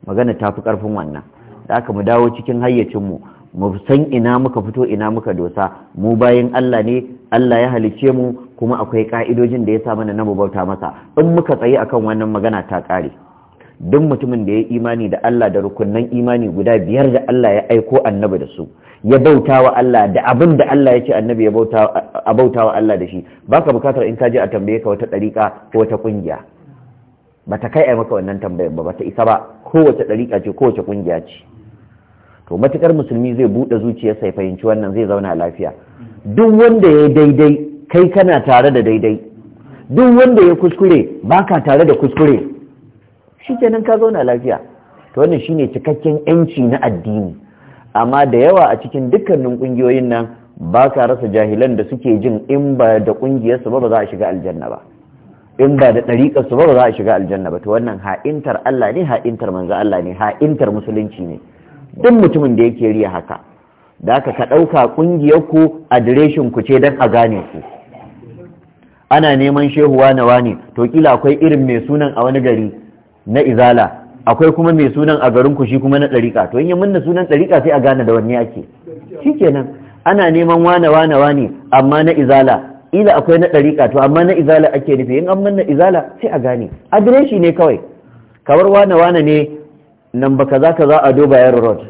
magana ta fi ƙarfin wannan da aka mu dawo cikin hayyacinmu mu san ina muka fito ina muka dosa mu bayan Allah ne Allah ya halice mu kuma akwai ka'idojin da ya sa mana na mu bauta masa in muka tsaye akan wannan magana ta kare duk mutumin da ya imani da Allah da rukunnan imani guda biyar da Allah ya aiko annabi da su ya bauta wa Allah da abin da Allah ya ce annabi ya bauta wa Allah da shi baka bukatar in ka je a tambaye ka wata ɗariƙa ko wata ƙungiya ba ta kai a maka wannan tambayar ba ba ta isa ba kowace ɗariƙa ce kowace ƙungiya ce to matuƙar musulmi zai buɗe zuciyarsa ya fahimci wannan zai zauna lafiya duk wanda ya daidai kai kana tare da daidai duk wanda ya kuskure baka tare da kuskure Shi shikenan ka zauna lafiya to wannan ne cikakken yanci na addini amma da yawa a cikin dukkanin ƙungiyoyin nan ba ka rasa jahilan da suke jin in ba da ƙungiyarsu ba ba za a shiga aljanna ba in ba da ɗariƙa su ba za a shiga aljanna ba to wannan ha'intar Allah ne ha'intar manzo Allah ne ha'intar musulunci ne duk mutumin da yake riya haka da aka ka ɗauka ƙungiyar ku adireshin ku ce don a gane ku ana neman shehu wane wane to kila akwai irin mai sunan a wani gari na izala akwai kuma mai sunan a garin ku shi kuma na ɗariƙa to in yi munna sunan ɗariƙa sai a gane da wanne ake shikenan ana neman wane wane wane amma na izala ila akwai na ɗariƙa to amma na izala ake nufi in amma na izala sai a gane adireshi ne kawai kamar wane wane ne nan ba kaza kaza a doba yaro rod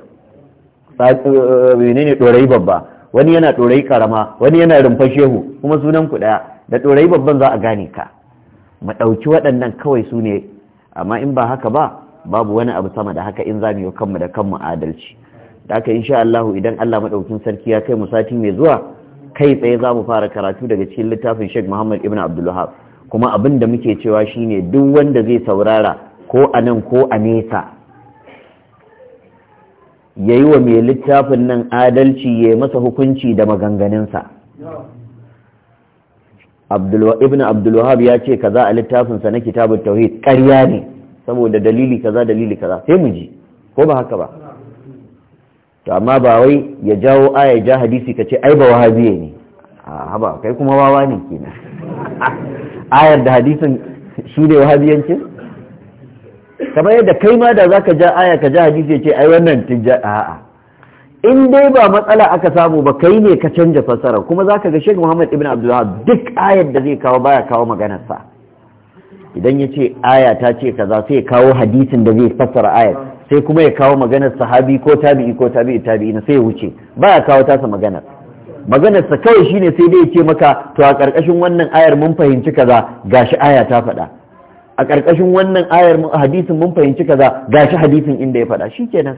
ne ɗorayi babba wani yana ɗorayi karama wani yana rumfa shehu kuma sunan ku ɗaya da ɗorayi babban za a gane ka mu ɗauki waɗannan kawai su ne amma in ba haka ba babu wani abu sama da haka in za mu yi kanmu da kanmu adalci da haka insha Allah idan Allah maɗaukin sarki ya kai mu sati mai zuwa kai tsaye za mu fara karatu daga cikin littafin Sheikh Muhammad Ibn Abdulwahab kuma abin da muke cewa shine duk wanda zai saurara ko a nan ko a nesa ya yi wa mai littafin nan adalci ya masa hukunci da maganganunsa ibn abdulwahab ya ce kaza a littafinsa na kitabun tauhid ƙarya ne saboda dalili kaza dalili kaza sai mu ji ko ba haka ba to amma ba wai ya jawo aya ja hadisi ka ce ai ba wahabiye ne a haba kai kuma wawa ne kenan (laughs) ayar da hadisin shi ne wahabiyancin kamar yadda kai ma da zaka ja aya ka ja hadisi ya ce ai wannan tijja a'a in dai ba matsala aka samu ba kai ne ka canja fasara kuma zaka ga Sheikh Muhammad Ibn Abdullah duk ayar da zai kawo baya kawo maganar sa idan yace aya ta ce kaza sai kawo hadisin da zai fassara ayar sai kuma ya kawo maganar sahabi ko tabi'i ko tabi'i tabi'i sai ya wuce ba ya kawo tasa maganar maganar sa kawai shine sai dai ce maka to a karkashin wannan ayar mun fahimci kaza gashi aya ta faɗa a karkashin wannan ayar hadisin mun fahimci kaza gashi hadisin inda ya faɗa shikenan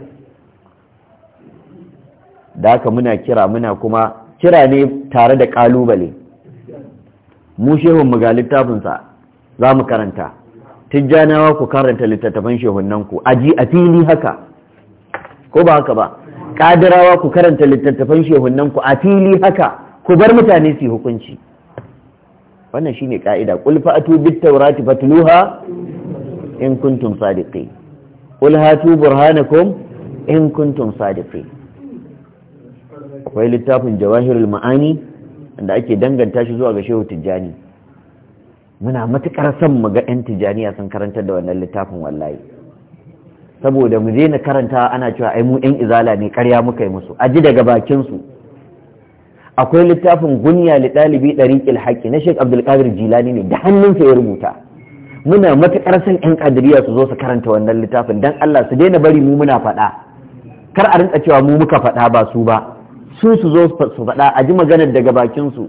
da haka muna kira muna kuma kira ne tare da kalubale mu shehun mu ga littafinsa za mu karanta tijjanawa ku karanta littattafan shehunanku aji a fili haka ko ba haka ba kadirawa ku karanta littattafan shehunanku a fili haka ku bar mutane su hukunci wannan shine ka'ida qul fa'atu bit tawrati fatluha in kuntum sadiqin qul hatu burhanakum in kuntum sadiqin akwai littafin jawahirul ma'ani da ake danganta shi zuwa ga shehu tijjani muna matukar son mu ga 'yan tijaniya sun karanta da wannan littafin wallahi saboda mu je na karanta ana cewa ai mu 'yan izala ne karya muka yi musu aji daga bakin su akwai littafin gunya li dari ɗariƙil na Abdul abdulkadir jilani ne da hannunsa ya rubuta muna matukar son 'yan kadiriya su zo su karanta wannan littafin dan allah su daina bari mu muna faɗa kar a rinka cewa mu muka faɗa ba su ba su su zo su faɗa a ji maganar daga bakin su.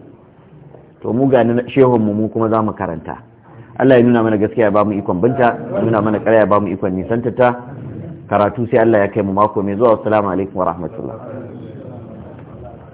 to mu gani shehun mu kuma za mu karanta Allah ya nuna mana gaskiya ya ba mu ikon binta ya nuna mana ƙarya ya ba mu ikon nisanta ta karatu sai Allah ya kai mu mako mai zuwa assalamu alaikum wa rahmatullah